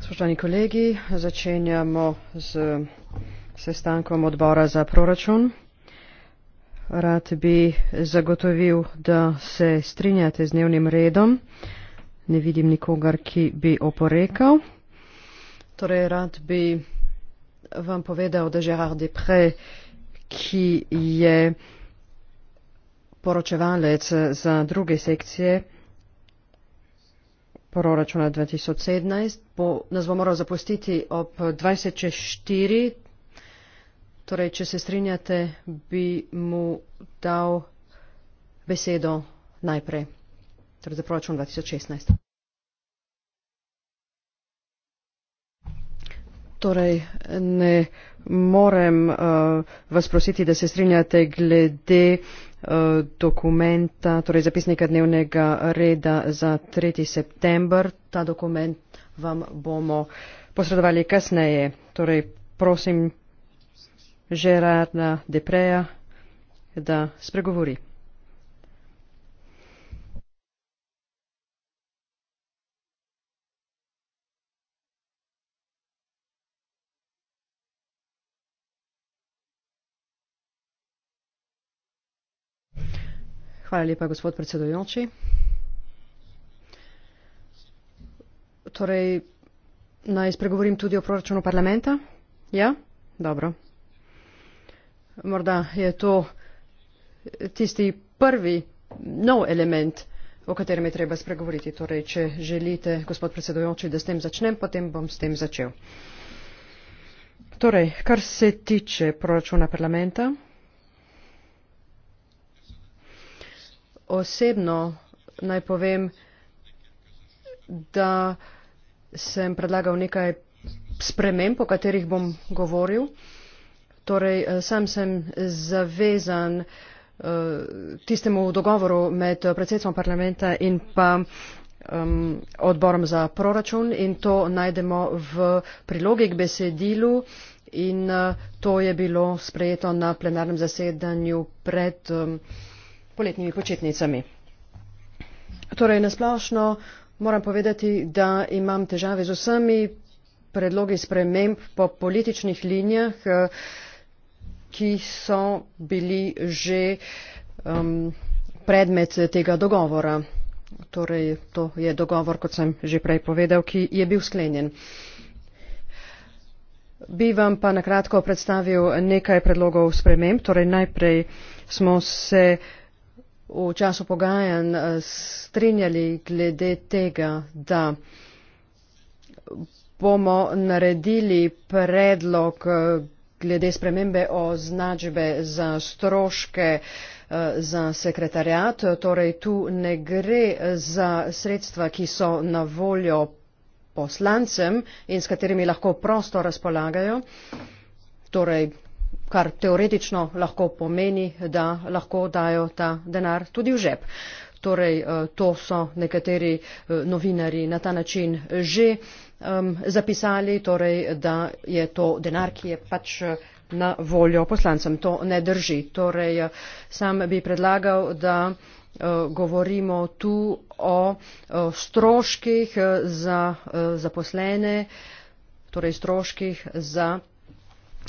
spoštovani kolegi začenjamo s sestankom odbora za proračun. rad bi zagotovil da se strinjate z dnevnim redom ne vidim nikogar ki bi oporekal torej rad bi vam povedal da Gérard Depré ki je poročevalec eh, za druge sekcije proračuna 2017. Bo, nas bo moral zapustiti ob 20.04. Torej, če se strinjate, bi mu dal besedo najprej. Torej, za proračun 2016. Torej, ne morem uh, vas prositi, da se strinjate glede uh, Eh, dokumenta, torej zapisnika dnevnega reda za 3. september. Ta dokument vam bomo posredovali kasneje. Torej, prosim, Žerarda Depreja, da spregovori. Hvala lepa, gospod predsedujoči. Torej, naj spregovorim tudi o proračunu parlamenta? Ja? Dobro. Morda je to tisti prvi nov element, o katerem je treba spregovoriti. Torej, če želite, gospod predsedujoči, da s tem začnem, potem bom s tem začel. Torej, kar se tiče proračuna parlamenta, osebno naj povem, da sem predlagal nekaj sprememb, o katerih bom govoril. Torej, eh, sam sem zavezan eh, tistemu dogovoru med predsedstvom parlamenta in pa um, odborom za proračun in to najdemo v prilogi k besedilu in uh, to je bilo sprejeto na plenarnem zasedanju pred um, poletnimi počitnicami. Torej, nasplošno moram povedati, da imam težave z vsemi predlogi sprememb po političnih linijah, eh, ki so bili že um, predmet tega dogovora. Torej, to je dogovor, kot sem že prej povedal, ki je bil sklenjen. Bi vam pa nakratko predstavil nekaj predlogov sprememb. Torej, najprej smo se uh, v času pogajanj eh, strinjali glede tega, da bomo naredili predlog eh, glede spremembe označbe za stroške eh, za sekretarjat. Torej, tu ne gre za sredstva, ki so na voljo poslancem in s katerimi lahko prosto razpolagajo. Torej, kar teoretično lahko pomeni, da lahko dajo ta denar tudi v žep. Torej, eh, to so nekateri eh, novinari na ta način že um, zapisali, torej, da je to denar, ki je pač eh, na voljo poslancem. To ne drži. Torej, sam bi predlagal, da govorimo tu o, o stroških za zaposlene, torej stroških za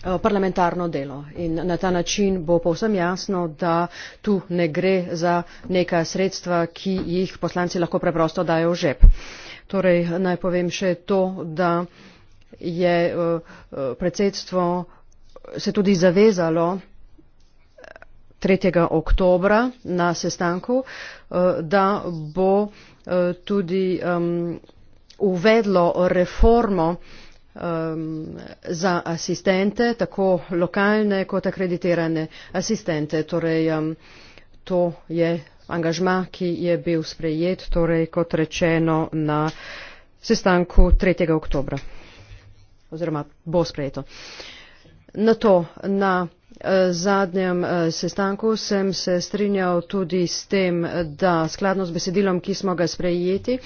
Eh, parlamentarno delo in na ta način bo povsem jasno, da tu ne gre za neka sredstva, ki jih poslanci lahko preprosto dajo v žep. Torej, naj povem še to, da je eh, eh, predsedstvo se tudi zavezalo 3. oktobra na sestanku, da bo tudi um, uvedlo reformo uh, um, za asistente, tako lokalne kot akreditirane asistente. Torej, um, to je angažma, ki je bil sprejet, torej, kot rečeno, na sestanku 3. oktobra. Oziroma, bo sprejeto. Na to, na Eh, zadnjem eh, sestanku sem se strinjal tudi s tem, da skladno z besedilom, ki smo ga sprejeti,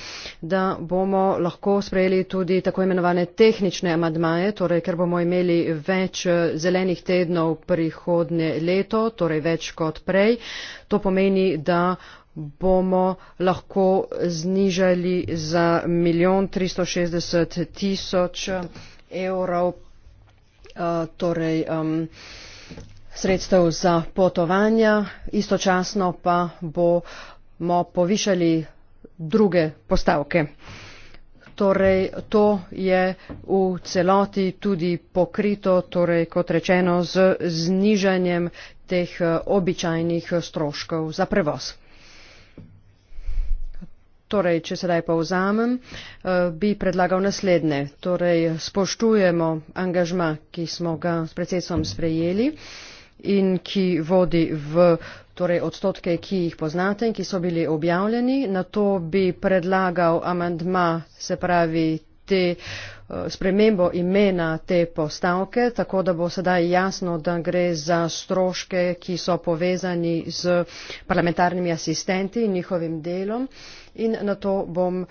da bomo lahko sprejeli tudi tako imenovane tehnične amadmaje, torej ker bomo imeli več eh, zelenih tednov prihodnje leto, torej več kot prej. To pomeni, da bomo lahko znižali za milijon 360 tisoč evrov. Uh, torej, um, sredstev za potovanja, istočasno pa bomo povišali druge postavke. Torej, to je v celoti tudi pokrito, torej, kot rečeno, z znižanjem teh eh, običajnih stroškov za prevoz. Torej, če sedaj povzamem, eh, bi predlagal naslednje. Torej, spoštujemo angažma, ki smo ga s predsedstvom sprejeli in ki vodi v torej odstotke, ki jih poznate in ki so bili objavljeni. Na to bi predlagal amandma, se pravi, te eh, spremembo imena te postavke, tako da bo sedaj jasno, da gre za stroške, ki so povezani z parlamentarnimi asistenti in njihovim delom. In na to bom uh,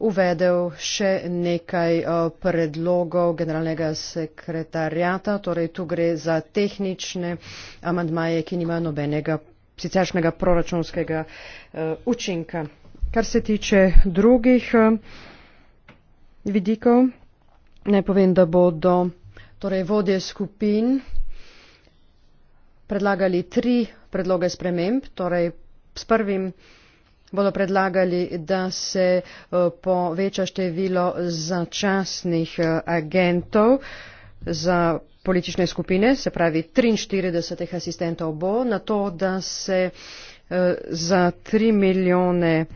uvedel še nekaj eh, predlogov generalnega sekretarjata, torej tu gre za tehnične amandmaje, ki nimajo nobenega siceršnega proračunskega eh, učinka. Kar se tiče drugih eh, vidikov, naj povem, da bodo torej vodje skupin predlagali tri predloge sprememb, torej s prvim bodo predlagali, da se eh, poveča število začasnih eh, agentov za politične skupine, se pravi 43 asistentov bo, na to, da se eh, za 3 milijone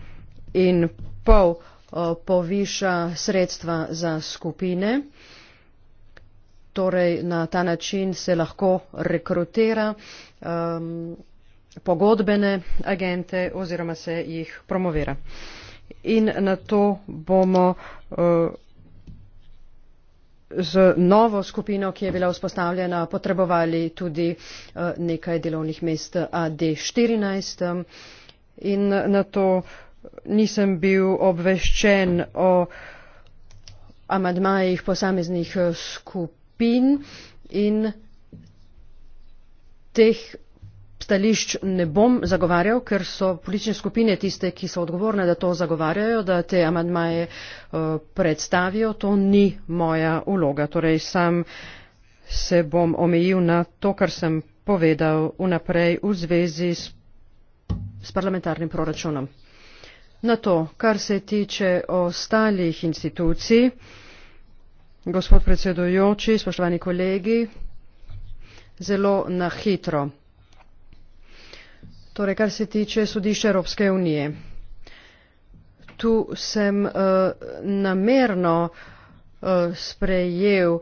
in pol poviša sredstva za skupine. Torej, na ta način se lahko rekrutira. Um, pogodbene agente oziroma se jih promovira. In na to bomo eh, z novo skupino, ki je bila vzpostavljena, potrebovali tudi eh, nekaj delovnih mest AD14. Eh, in na to nisem bil obveščen o amadmajih posameznih skupin in teh stališč ne bom zagovarjal, ker so politične skupine tiste, ki so odgovorne, da to zagovarjajo, da te amadmaje uh, eh, predstavijo. To ni moja uloga. Torej, sam se bom omejil na to, kar sem povedal vnaprej v zvezi s, s parlamentarnim proračunom. Na to, kar se tiče ostalih institucij, gospod predsedujoči, spoštovani kolegi, zelo na hitro. Torej, kar se tiče sodišča Evropske unije. Tu sem uh, namerno uh, sprejel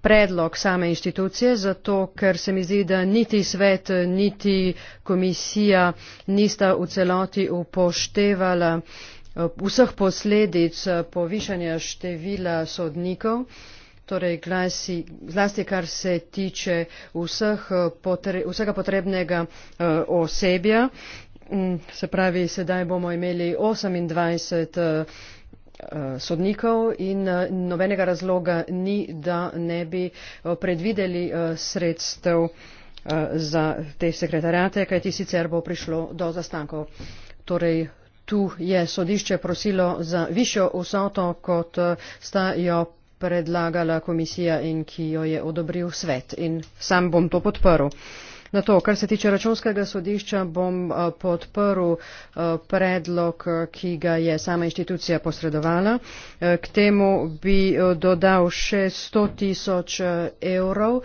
predlog same inštitucije, zato ker se mi zdi, da niti svet, niti komisija nista v celoti upoštevala uh, vseh posledic povišanja števila sodnikov. Uh, torej glasi, zlasti kar se tiče vseh, potre, vsega potrebnega uh, osebja. Mm, se pravi, sedaj bomo imeli 28 eh, eh, sodnikov in nobenega razloga ni, da ne bi predvideli sredstev za te sekretarjate, kaj ti sicer bo prišlo do zastankov. Torej, tu je sodišče prosilo za višjo vsoto, kot sta jo predlagala komisija in ki jo je odobril svet. In sam bom to podprl. Na to, kar se tiče računskega sodišča, bom eh, podprl eh, predlog, eh, ki ga je sama inštitucija posredovala. K temu bi dodal še 100 tisoč evrov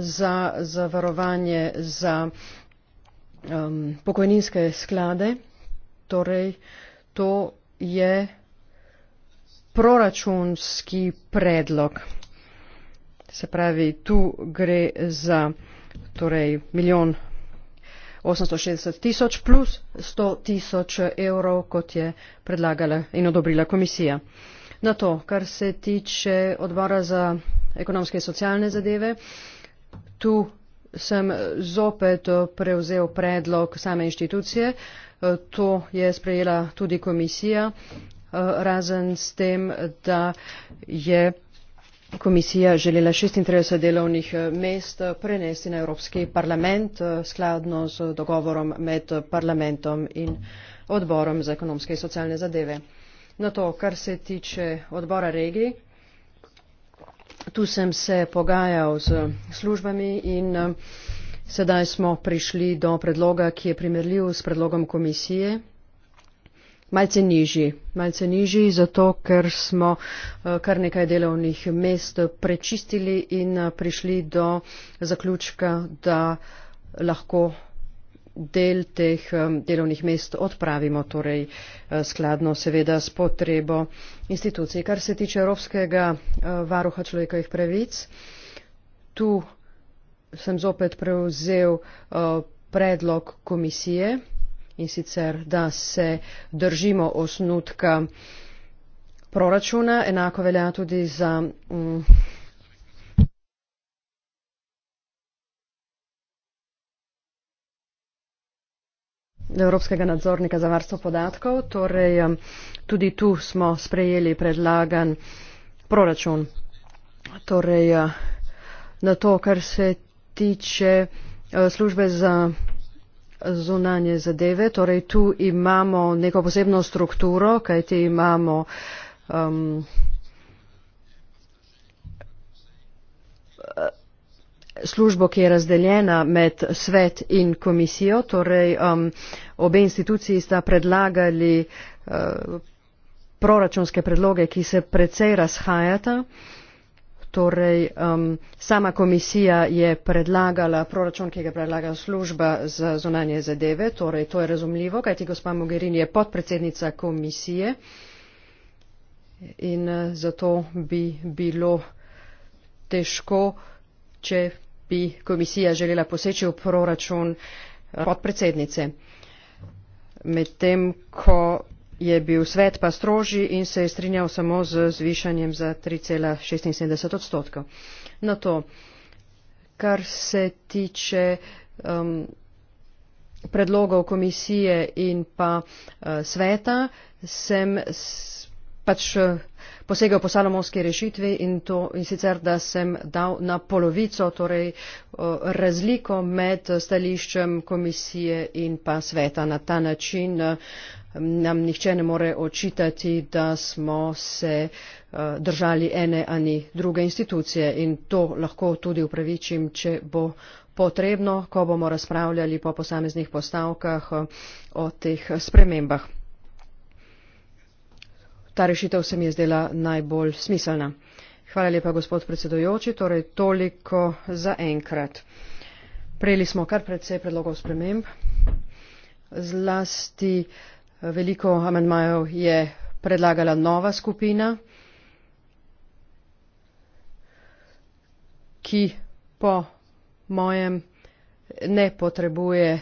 za zavarovanje za ehm, pokojninske sklade. Torej, to je proračunski predlog. Se pravi, tu gre za torej, milijon 860 tisoč plus 100 tisoč evrov, kot je predlagala in odobrila komisija. Na to, kar se tiče odbora za ekonomske in socialne zadeve, tu sem zopet prevzel predlog same inštitucije. To je sprejela tudi komisija Eh, razen s tem, da je komisija želela 36 delovnih eh, mest eh, prenesti na Evropski parlament skladno z dogovorom med parlamentom in odborom za ekonomske in socialne zadeve. Na to, kar se tiče odbora regij, tu sem se pogajal z službami in sedaj smo prišli do predloga, ki je primerljiv s predlogom komisije malce nižji. Malce nižji zato, ker smo eh, kar nekaj delovnih mest prečistili in eh, prišli do zaključka, da lahko del teh eh, delovnih mest odpravimo, torej skladno seveda s potrebo institucij. Kar se tiče Evropskega varuha človekovih pravic, tu sem zopet prevzel predlog komisije in sicer, da se držimo osnutka proračuna, enako velja tudi za. Mm, Evropskega nadzornika za varstvo podatkov. Torej, tudi tu smo sprejeli predlagan proračun. Torej, na to, kar se tiče eh, službe za zunanje zadeve. Torej, tu imamo neko posebno strukturo, kajti imamo um, službo, ki je razdeljena med svet in komisijo. Torej, um, obe instituciji sta predlagali uh, proračunske predloge, ki se precej razhajata. Um, Torej, um, sama komisija je predlagala proračun, ki ga predlaga služba za zunanje zadeve, torej to je razumljivo, kajti gospa Mogherini je podpredsednica komisije in uh, zato bi bilo težko, če bi komisija želela poseči v proračun uh, podpredsednice. Medtem, ko je bil svet pa strožji in se je strinjal samo z zvišanjem za 3,76 odstotkov. Na no, to, kar se tiče um, predlogov komisije in pa uh, sveta, sem pač. Uh, posegel po salomonski rešitvi in, to, in sicer, da sem dal na polovico torej, eh, razliko med eh, stališčem komisije in pa sveta. Na ta način eh, nam nihče ne more očitati, da smo se držali ene ali druge institucije in to lahko tudi upravičim, če bo. Potrebno, ko bomo razpravljali po posameznih postavkah o teh spremembah. Ta rešitev se mi je zdela najbolj smiselna. Hvala lepa, gospod predsedojoči. Torej, toliko za enkrat. Prejeli smo kar predvsej predlogov sprememb. Zlasti eh, veliko amendmajev je predlagala nova skupina, ki po mojem ne potrebuje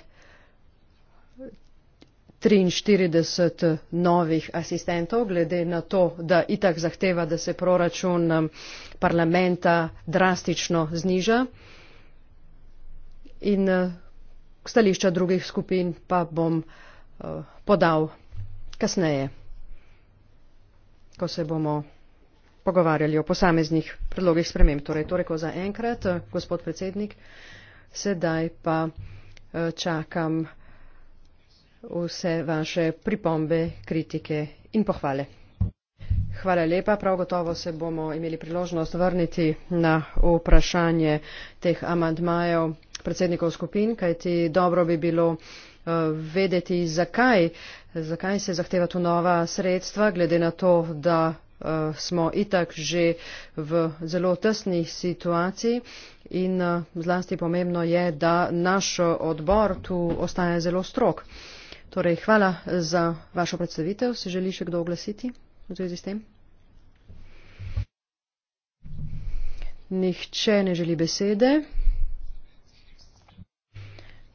43 novih asistentov, glede na to, da itak zahteva, da se proračun um, parlamenta drastično zniža. In uh, stališča drugih skupin pa bom uh, podal kasneje, ko se bomo pogovarjali o posameznih predlogih sprememb. Torej, torej, ko za enkrat, uh, gospod predsednik, sedaj pa čakam vse vaše pripombe, kritike in pohvale. Hvala lepa. Prav gotovo se bomo imeli priložnost vrniti na vprašanje teh amandmajev predsednikov skupin, kajti dobro bi bilo eh, vedeti, zakaj, zakaj se zahteva tu nova sredstva, glede na to, da eh, smo itak že v zelo tesni situaciji in eh, zlasti pomembno je, da naš odbor tu ostaja zelo strok. Torej, hvala za vašo predstavitev. Se želi še kdo oglasiti v zvezi s tem? Nihče ne želi besede.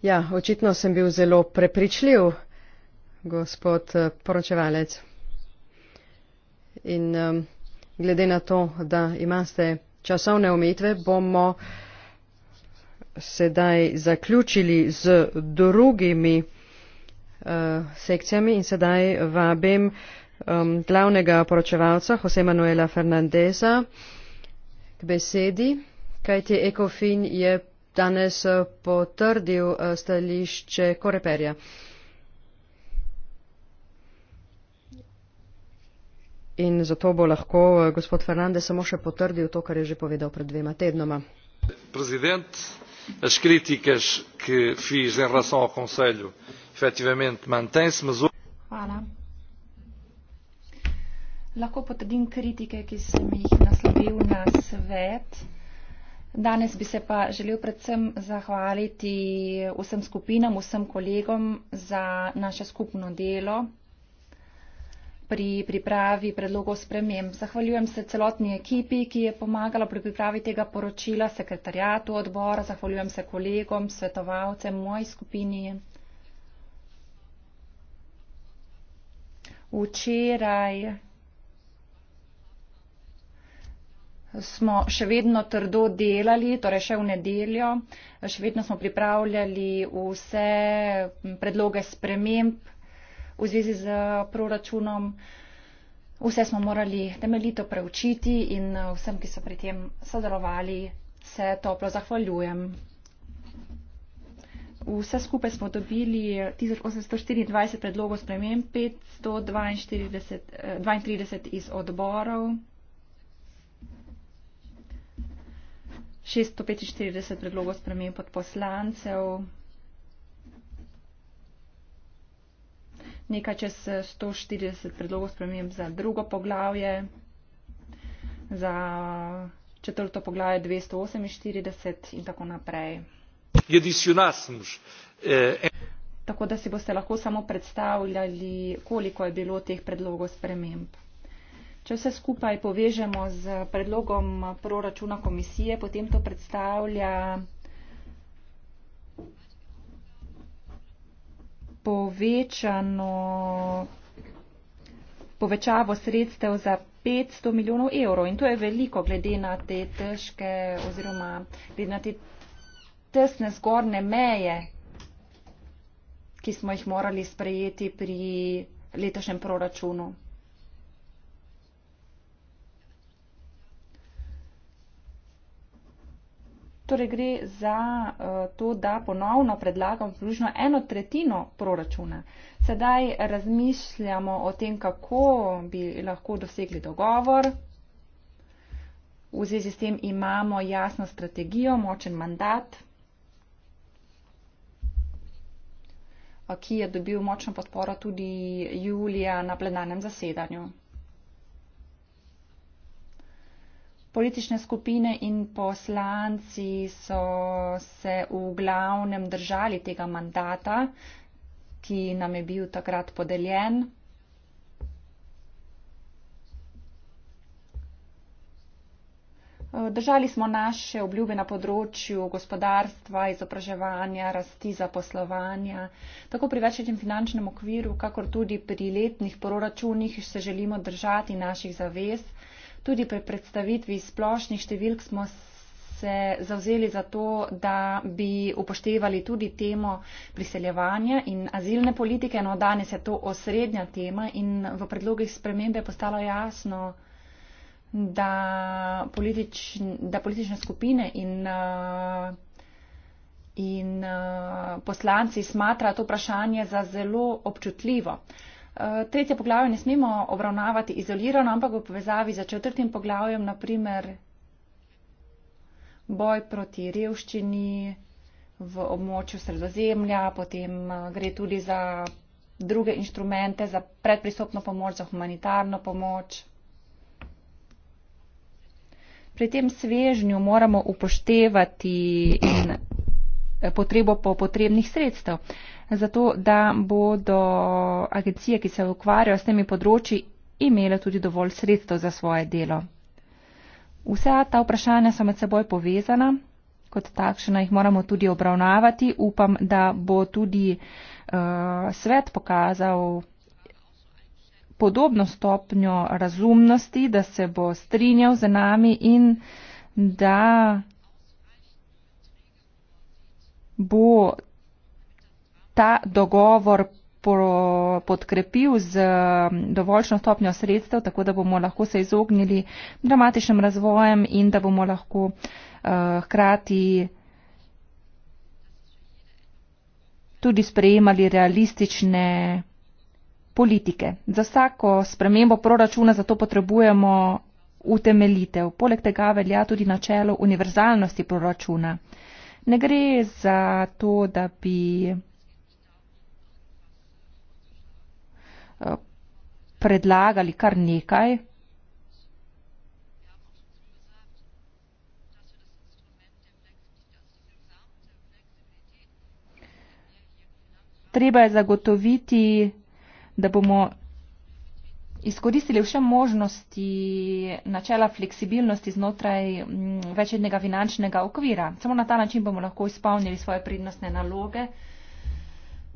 Ja, očitno sem bil zelo prepričljiv, gospod eh, poročevalec. In um, glede na to, da imate časovne omejitve, bomo sedaj zaključili z drugimi. Eh, sekcijami in sedaj vabim um, glavnega poročevalca Jose Manuela Fernandeza k besedi, kajti ECOFIN je danes eh, potrdil eh, stališče Koreperja. In zato bo lahko gospod Fernandez samo še potrdil to, kar je že povedal pred dvema tednoma. Prezident, as críticas que fiz em relação ao Conselho Lahko potrdim kritike, ki sem jih naslovil na svet. Danes bi se pa želel predvsem zahvaliti vsem skupinam, vsem kolegom za naše skupno delo pri pripravi predlogov sprememb. Zahvaljujem se celotni ekipi, ki je pomagala pri pripravi tega poročila, sekretarjatu odbora, zahvaljujem se kolegom, svetovalcem, moji skupini včeraj smo še vedno trdo delali, torej še v nedeljo, še vedno smo pripravljali vse predloge sprememb v zvezi z proračunom. Vse smo morali temeljito preučiti in vsem, ki so pri tem sodelovali, se toplo zahvaljujem vse skupaj smo dobili 1824 predlogov spremem, 532 eh, iz odborov, 645 predlogov spremem pod poslancev, nekaj čez 140 eh, predlogov spremem za drugo poglavje, za četrto poglavje 248 in tako naprej. Eh, tako da si boste lahko samo predstavljali, koliko je bilo teh predlogov sprememb. Če vse skupaj povežemo z predlogom proračuna komisije, potem to predstavlja povečano povečavo sredstev za 500 milijonov evrov. In to je veliko glede na te težke oziroma glede na te tesne zgornje meje, ki smo jih morali sprejeti pri letošnjem proračunu. Torej gre za eh, to, da ponovno predlagam približno eno tretjino proračuna. Sedaj razmišljamo o tem, kako bi lahko dosegli dogovor. V zvezi s tem imamo jasno strategijo, močen mandat. ki je dobil močno podporo tudi julija na plenarnem zasedanju. Politične skupine in poslanci so se v glavnem držali tega mandata, ki nam je bil takrat podeljen. Držali smo naše obljube na področju gospodarstva, izobraževanja, rasti zaposlovanja. Tako pri večjem finančnem okviru, kakor tudi pri letnih proračunih se želimo držati naših zavez. Tudi pri predstavitvi splošnih številk smo se zavzeli za to, da bi upoštevali tudi temo priseljevanja in azilne politike. No, danes je to osrednja tema in v predlogih spremembe postalo jasno, da, politič, da politične skupine in, uh, in uh, poslanci smatra to vprašanje za zelo občutljivo. Uh, tretje poglavje ne smemo obravnavati izolirano, ampak v povezavi za četrtim poglavjem, naprimer boj proti revščini v območju sredozemlja, potem gre tudi za druge inštrumente, za predpristopno pomoč, za humanitarno pomoč pri tem svežnju moramo upoštevati eh, potrebo po potrebnih sredstev, zato da bodo agencije, ki se ukvarjajo s temi področji, imele tudi dovolj sredstev za svoje delo. Vsa ta vprašanja so med seboj povezana, kot takšna jih moramo tudi obravnavati. Upam, da bo tudi uh, svet pokazal podobno stopnjo razumnosti, da se bo strinjal z nami in da bo ta dogovor podkrepil z dovoljšno stopnjo sredstev, tako da bomo lahko se izognili dramatičnim razvojem in da bomo lahko eh, hkrati tudi sprejemali realistične politike. Za vsako spremembo proračuna zato potrebujemo utemeljitev. Poleg tega velja tudi načelo univerzalnosti proračuna. Ne gre za to, da bi eh, predlagali kar nekaj. Treba je zagotoviti da bomo izkoristili vse možnosti načela fleksibilnosti znotraj mm, večjednega finančnega okvira. Samo na ta način bomo lahko izpolnili svoje prednostne naloge.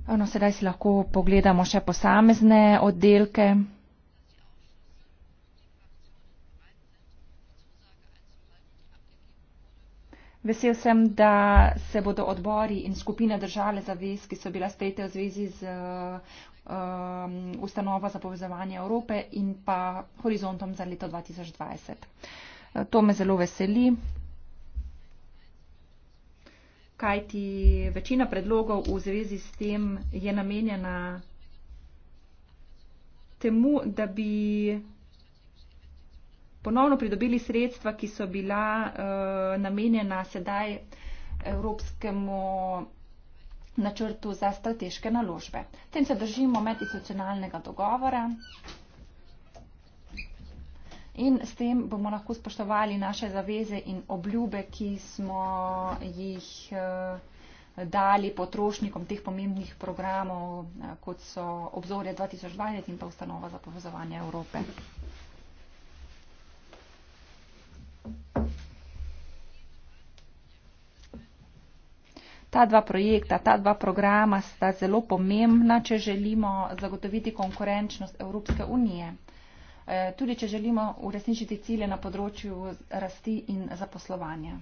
Ono, sedaj si lahko pogledamo še posamezne oddelke. Vesel sem, da se bodo odbori in skupine držale zavez, ki so bila sprejete v zvezi z um, ustanova za povezovanje Evrope in pa horizontom za leto 2020. Eh, to me zelo veseli, kajti večina predlogov v zvezi s tem je namenjena temu, da bi ponovno pridobili sredstva, ki so bila uh, namenjena sedaj evropskemu načrtu za strateške naložbe. Tem se držimo medinstitucionalnega dogovora in s tem bomo lahko spoštovali naše zaveze in obljube, ki smo jih eh, dali potrošnikom teh pomembnih programov, eh, kot so obzorje 2020 in pa ustanova za povezovanje Evrope. Thank you. ta dva projekta, ta dva programa sta zelo pomembna, če želimo zagotoviti konkurenčnost Evropske unije. E, tudi, če želimo uresničiti cilje na področju rasti in zaposlovanja.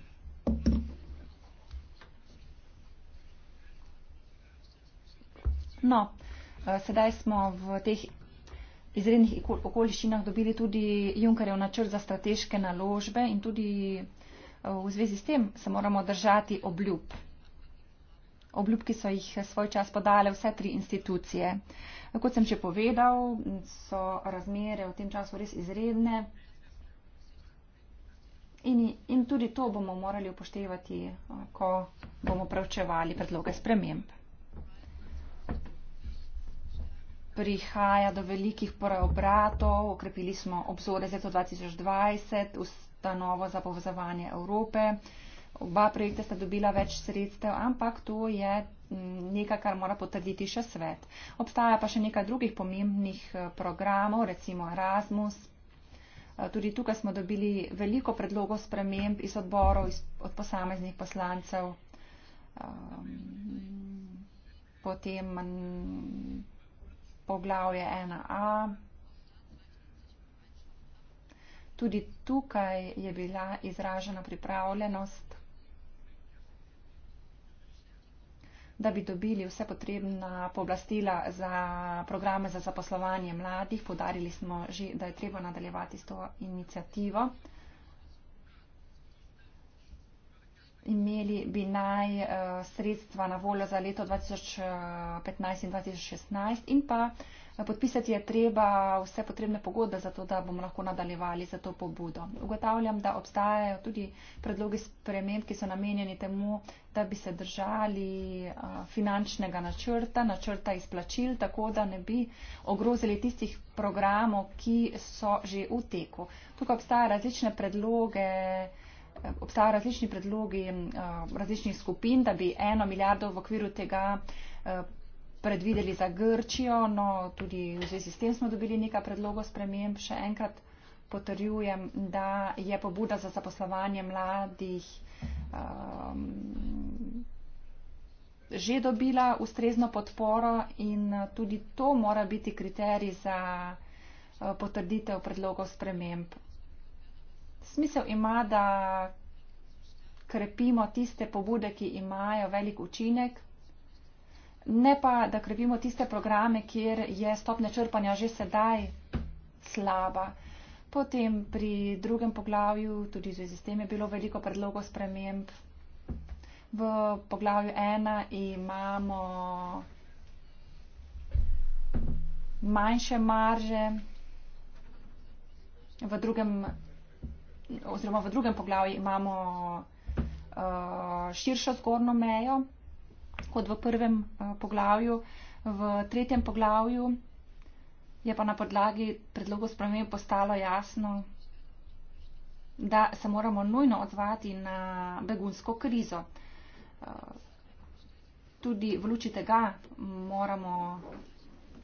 No, e, sedaj smo v teh izrednih okoliščinah dobili tudi Junkarjev načrt za strateške naložbe in tudi e, v zvezi s tem se moramo držati obljub. Obljub, ki so jih svoj čas podale vse tri institucije. Kot sem že povedal, so razmere v tem času res izredne in, in tudi to bomo morali upoštevati, ko bomo pravčevali predloge sprememb. Prihaja do velikih preobratov, okrepili smo obzore za 2020, ustanovo za povezovanje Evrope oba projekta sta dobila več sredstev, ampak to je mm, nekaj, kar mora potrditi še svet. Obstaja pa še nekaj drugih pomembnih eh, programov, recimo Erasmus. Eh, tudi tukaj smo dobili veliko predlogov sprememb iz odborov, iz, od posameznih poslancev. Um, potem poglavje 1a. Tudi tukaj je bila izražena pripravljenost da bi dobili vse potrebna pooblastila za programe za zaposlovanje mladih. Podarili smo že, da je treba nadaljevati s to inicijativo. imeli bi naj eh, sredstva na voljo za leto 2015 in 2016 in pa eh, podpisati je treba vse potrebne pogodbe za to, da bomo lahko nadaljevali za to pobudo. Ugotavljam, da obstajajo tudi predlogi sprememb, ki so namenjeni temu, da bi se držali eh, finančnega načrta, načrta izplačil, tako da ne bi ogrozili tistih programov, ki so že v teku. Tukaj obstajajo različne predloge, obstajajo različni predlogi eh, različnih skupin, da bi eno milijardo v okviru tega eh, predvideli za Grčijo. No, tudi v zvezi s tem smo dobili nekaj predlogov sprememb. Še enkrat potrjujem, da je pobuda za zaposlovanje mladih eh, že dobila ustrezno podporo in tudi to mora biti kriterij za potrditev predlogov sprememb smisel ima, da krepimo tiste pobude, ki imajo velik učinek, ne pa, da krepimo tiste programe, kjer je stopne črpanja že sedaj slaba. Potem pri drugem poglavju, tudi zvezi s tem, je bilo veliko predlogov sprememb. V poglavju ena imamo manjše marže, v drugem oziroma v drugem poglavju imamo uh, širšo zgornjo mejo kot v prvem uh, poglavju. V tretjem poglavju je pa na podlagi predlogu spremembe postalo jasno, da se moramo nujno odzvati na begunsko krizo. Uh, tudi v luči tega moramo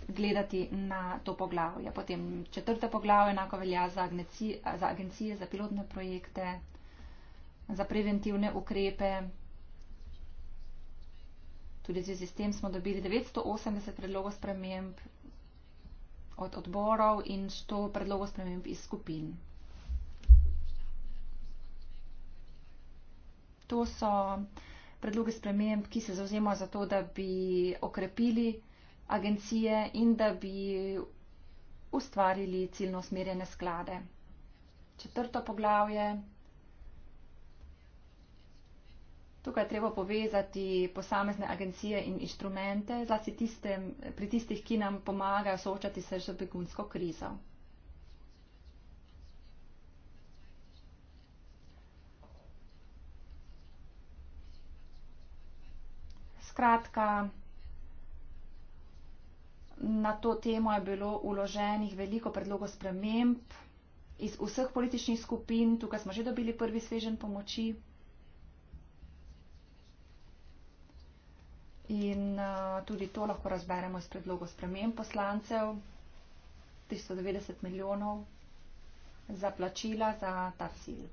gledati na to poglavje. Potem četrta poglavje enako velja za agencije, za agencije, za pilotne projekte, za preventivne ukrepe. Tudi z tem smo dobili 980 predlogov sprememb od odborov in 100 predlogov sprememb iz skupin. To so predloge sprememb, ki se zauzemajo za to, da bi okrepili agencije in da bi ustvarili ciljno smerjene sklade. Četrto poglavje. Tukaj je treba povezati posamezne agencije in inštrumente, zlasti tiste, pri tistih, ki nam pomagajo soočati se z begunsko krizo. Skratka, na to temo je bilo uloženih veliko predlogov sprememb iz vseh političnih skupin, tukaj smo že dobili prvi svežen pomoči. In uh, tudi to lahko razberemo iz predlogov sprememb poslancev, 390 milijonov za plačila za ta cilj.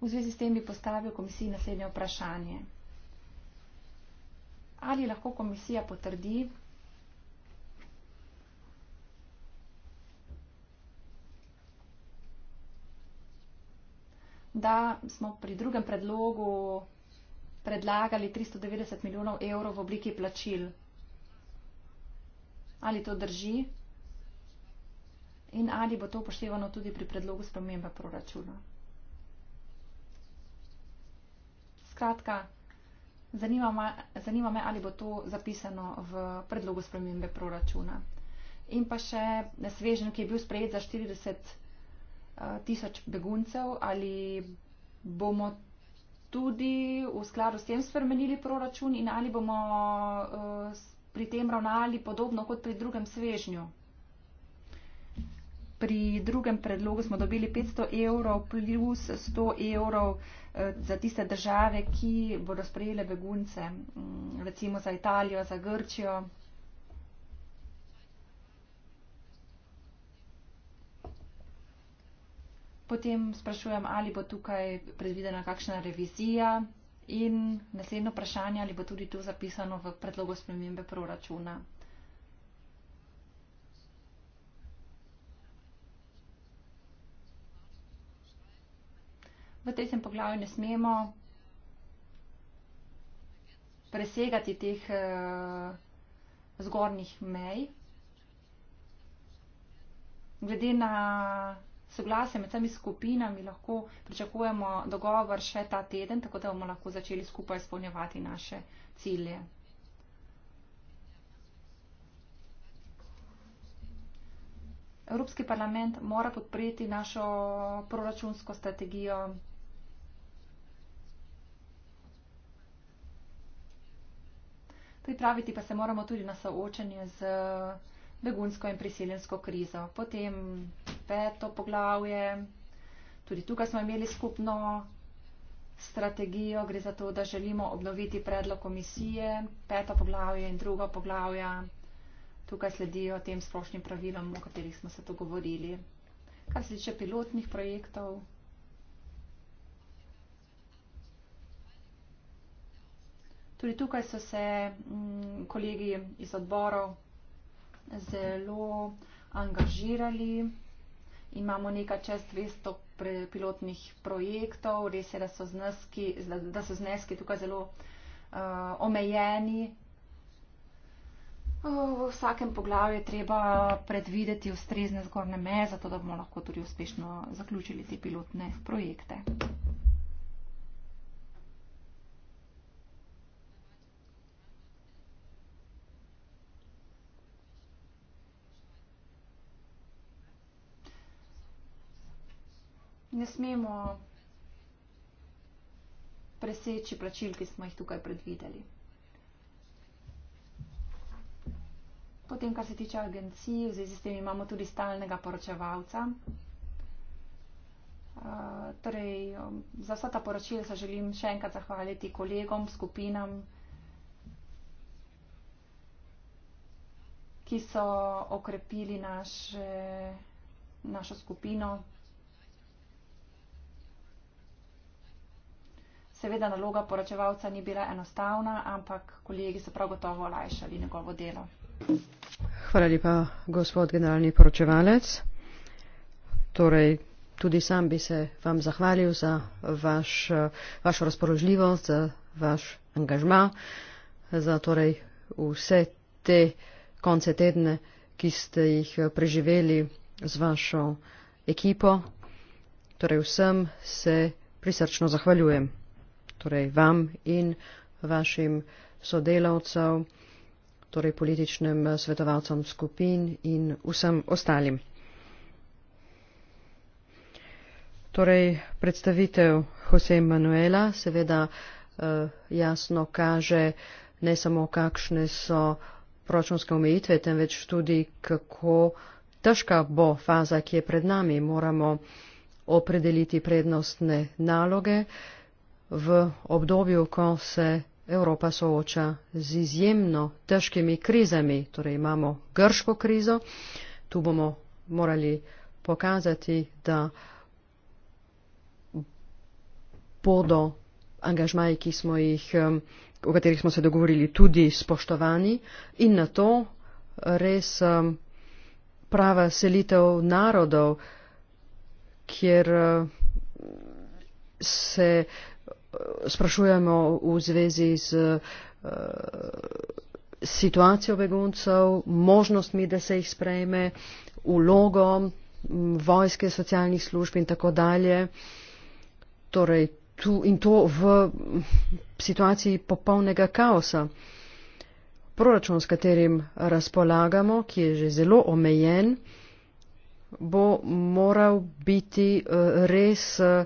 V zvezi s tem bi postavil komisiji naslednje vprašanje ali lahko komisija potrdi. da smo pri drugem predlogu predlagali 390 milijonov evrov v obliki plačil. Ali to drži in ali bo to upoštevano tudi pri predlogu spremembe proračuna. Skratka, Zanima, ma, zanima me, ali bo to zapisano v predlogu spremembe proračuna. In pa še svežen, ki je bil sprejet za 40 eh, tisoč beguncev, ali bomo tudi v skladu s tem spremenili proračun in ali bomo eh, pri tem ravnali podobno kot pri drugem svežnju. Pri drugem predlogu smo dobili 500 evrov plus 100 evrov eh, za tiste države, ki bodo sprejele begunce, mm, recimo za Italijo, za Grčijo. Potem sprašujem, ali bo tukaj predvidena kakšna revizija in naslednje vprašanje, ali bo tudi to zapisano v predlogu spremembe proračuna. v tretjem poglavju ne smemo presegati teh uh, zgornjih mej. Glede na soglasje med temi skupinami lahko pričakujemo dogovor še ta teden, tako da bomo lahko začeli skupaj izpolnjevati naše cilje. Evropski parlament mora podpreti našo proračunsko strategijo Pripraviti pa se moramo tudi na soočanje z eh, begunsko in priseljensko krizo. Potem peto poglavje, tudi tukaj smo imeli skupno strategijo, gre za to, da želimo obnoviti predlog komisije, peto poglavje in drugo poglavje. Tukaj sledijo tem splošnim pravilom, o katerih smo se dogovorili. Kar se tiče pilotnih projektov, Tudi tukaj so se mm, kolegi iz odborov zelo angažirali. Imamo nekaj čez 200 pilotnih projektov, res je, da so zneski, da so zneski tukaj zelo uh, omejeni. V vsakem poglavju je treba predvideti ustrezne zgorne meje, zato da bomo lahko tudi uspešno zaključili te pilotne projekte. ne smemo preseči plačil, ki smo jih tukaj predvideli. Potem, kar se tiče agencij, v zvezi s tem imamo tudi stalnega poročevalca. Uh, torej, um, za vsa ta poročila se želim še enkrat zahvaliti kolegom, skupinam, ki so okrepili naš, našo skupino. Seveda naloga poročevalca ni bila enostavna, ampak kolegi so prav gotovo olajšali njegovo delo. Hvala lepa, gospod generalni poročevalec. Torej, tudi sam bi se vam zahvalil za vaš, vašo razporožljivost, za vaš angažma, za torej vse te konce tedne, ki ste jih preživeli z vašo ekipo. Torej, vsem se prisrčno zahvaljujem torej vam in vašim sodelavcev, torej političnim eh, svetovalcem skupin in vsem ostalim. Torej, predstavitev Jose Manuela seveda eh, jasno kaže ne samo, kakšne so proračunske omejitve, temveč tudi, kako težka bo faza, ki je pred nami. Moramo opredeliti prednostne naloge, eh, v obdobju, ko se Evropa sooča z izjemno težkimi krizami, torej imamo grško krizo, tu bomo morali pokazati, da bodo angažmaji, ki smo jih, o katerih smo se dogovorili, tudi spoštovani in na to res prava selitev narodov, kjer se sprašujemo v zvezi z eh, situacijo beguncev, možnostmi, da se jih sprejme, ulogo vojske, socialnih služb in tako dalje. Torej, tu in to v situaciji popolnega kaosa. Proračun, s katerim razpolagamo, ki je že zelo omejen, bo moral biti eh, res. Eh,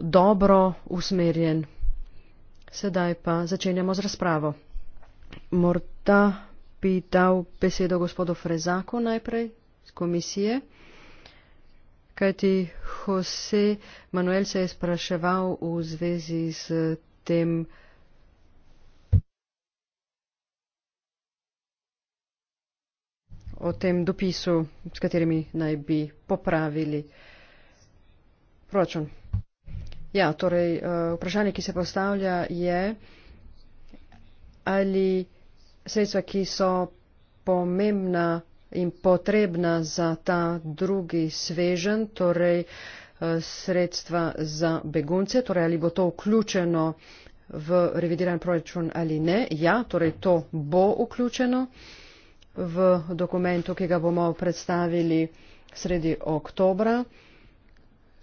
dobro usmerjen. Sedaj pa začenjamo z razpravo. Morda bi dal besedo gospodu Frezaku najprej z komisije, kajti Jose Manuel se je spraševal v zvezi s tem. o tem dopisu, s katerimi naj bi popravili proračun. Ja, torej, eh, vprašanje, ki se postavlja, je, ali sredstva, ki so pomembna in potrebna za ta drugi svežen, torej eh, sredstva za begunce, torej ali bo to vključeno v revidiran proračun ali ne. Ja, torej to bo vključeno v dokumentu, ki ga bomo predstavili sredi oktobra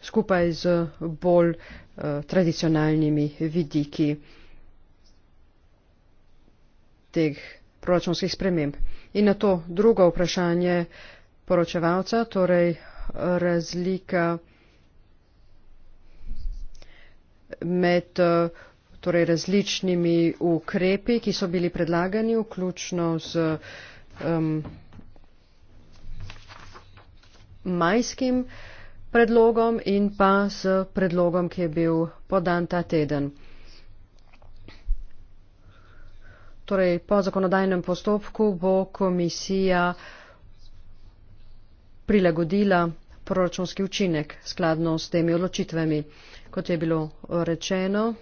skupaj z bolj eh, tradicionalnimi vidiki teh proračunskih sprememb. In na to drugo vprašanje poročevalca, torej razlika med eh, torej različnimi ukrepi, ki so bili predlagani, vključno z um, majskim uh, predlogom in pa s predlogom, ki je bil podan ta teden. Torej, po zakonodajnem postopku bo komisija prilagodila proračunski učinek skladno s temi odločitvami. Kot je bilo rečeno,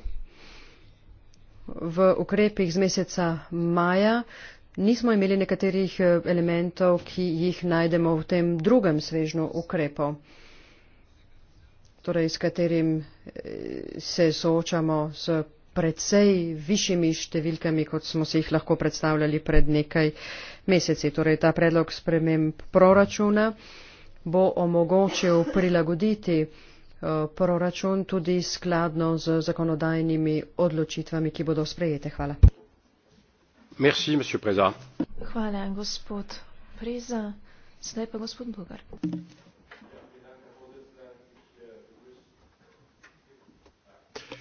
v ukrepih z meseca maja nismo imeli nekaterih eh, elementov, ki jih najdemo v tem drugem svežnu ukrepov torej s katerim eh, se soočamo s predvsej višjimi številkami, kot smo si jih lahko predstavljali pred nekaj meseci. Torej ta predlog sprememb proračuna bo omogočil prilagoditi eh, proračun tudi skladno z zakonodajnimi odločitvami, ki bodo sprejete. Hvala. Merci, Hvala, gospod Preza. Zdaj pa gospod Bogar.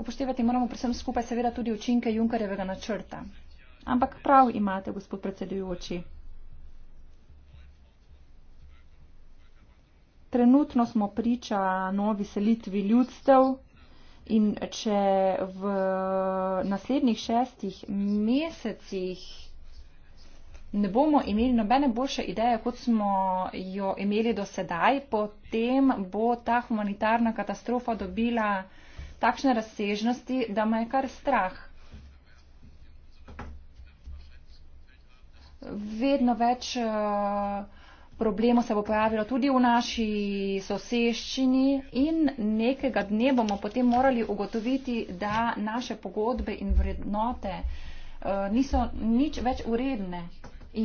Upoštevati moramo predvsem skupaj seveda tudi učinke Junkarjevega načrta. Ampak prav imate, gospod predsedujoči. Trenutno smo priča novi selitvi ljudstev in če v naslednjih šestih mesecih ne bomo imeli nobene boljše ideje, kot smo jo imeli do sedaj, potem bo ta humanitarna katastrofa dobila takšne razsežnosti, da me je kar strah. Vedno več uh, problemov se bo pojavilo tudi v naši soseščini in nekega dne bomo potem morali ugotoviti, da naše pogodbe in vrednote uh, niso nič več uredne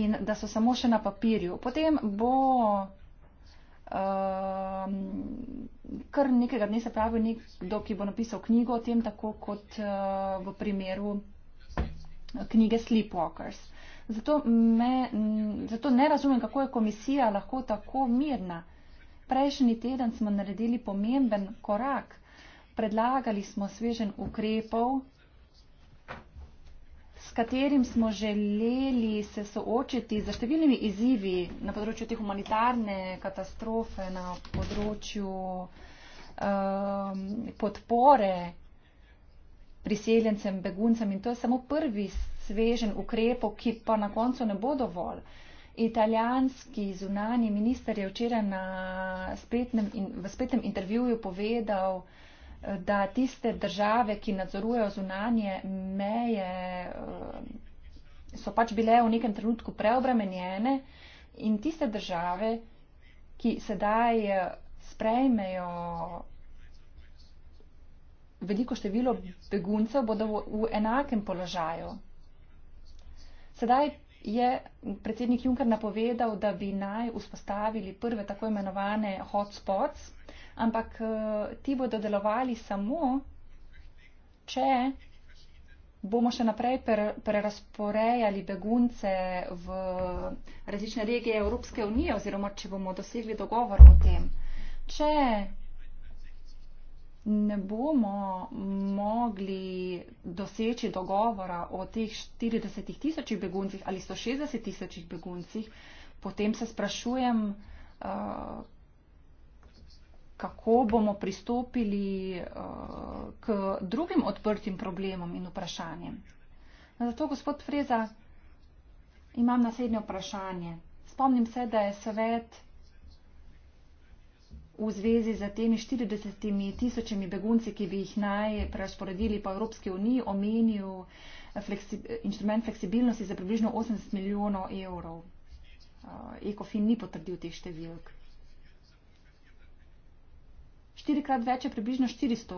in da so samo še na papirju. Potem bo um, kar nekega dne se pravi nekdo, ki bo napisal knjigo o tem, tako kot uh, v primeru eh, knjige Sleepwalkers. Zato, me, zato ne razumem, kako je komisija lahko tako mirna. Prejšnji teden smo naredili pomemben korak. Predlagali smo svežen ukrepov, s katerim smo želeli se soočiti za številnimi izzivi na področju te humanitarne katastrofe, na področju um, podpore priseljencem, beguncem in to je samo prvi svežen ukrepov, ki pa na koncu ne bo dovolj. Italijanski zunani minister je včeraj spetnem in, v spetnem intervjuju povedal, da tiste države, ki nadzorujejo zunanje meje, eh, so pač bile v nekem trenutku preobremenjene in tiste države, ki sedaj eh, sprejmejo veliko število beguncev, bodo v enakem položaju. Sedaj je predsednik Juncker napovedal, da bi naj vzpostavili prve tako imenovane hotspots, ampak eh, ti bodo delovali samo, če bomo še naprej prerasporejali begunce v različne regije Evropske unije oziroma če bomo dosegli dogovor o tem. Če ne bomo mogli doseči dogovora o teh 40 tisočih beguncih ali 160 tisočih beguncih, potem se sprašujem, uh, kako bomo pristopili uh, k drugim odprtim problemom in vprašanjem. Na no, zato, gospod Freza, imam naslednje vprašanje. Spomnim se, da je svet v zvezi z temi 40 tisočimi begunci, ki bi jih naj prerasporedili po Evropski uniji, omenil eh, fleksi, inštrument fleksibilnosti za približno 80 milijonov evrov. Uh, Ekofin ni potrdil teh številk štirikrat več je približno 400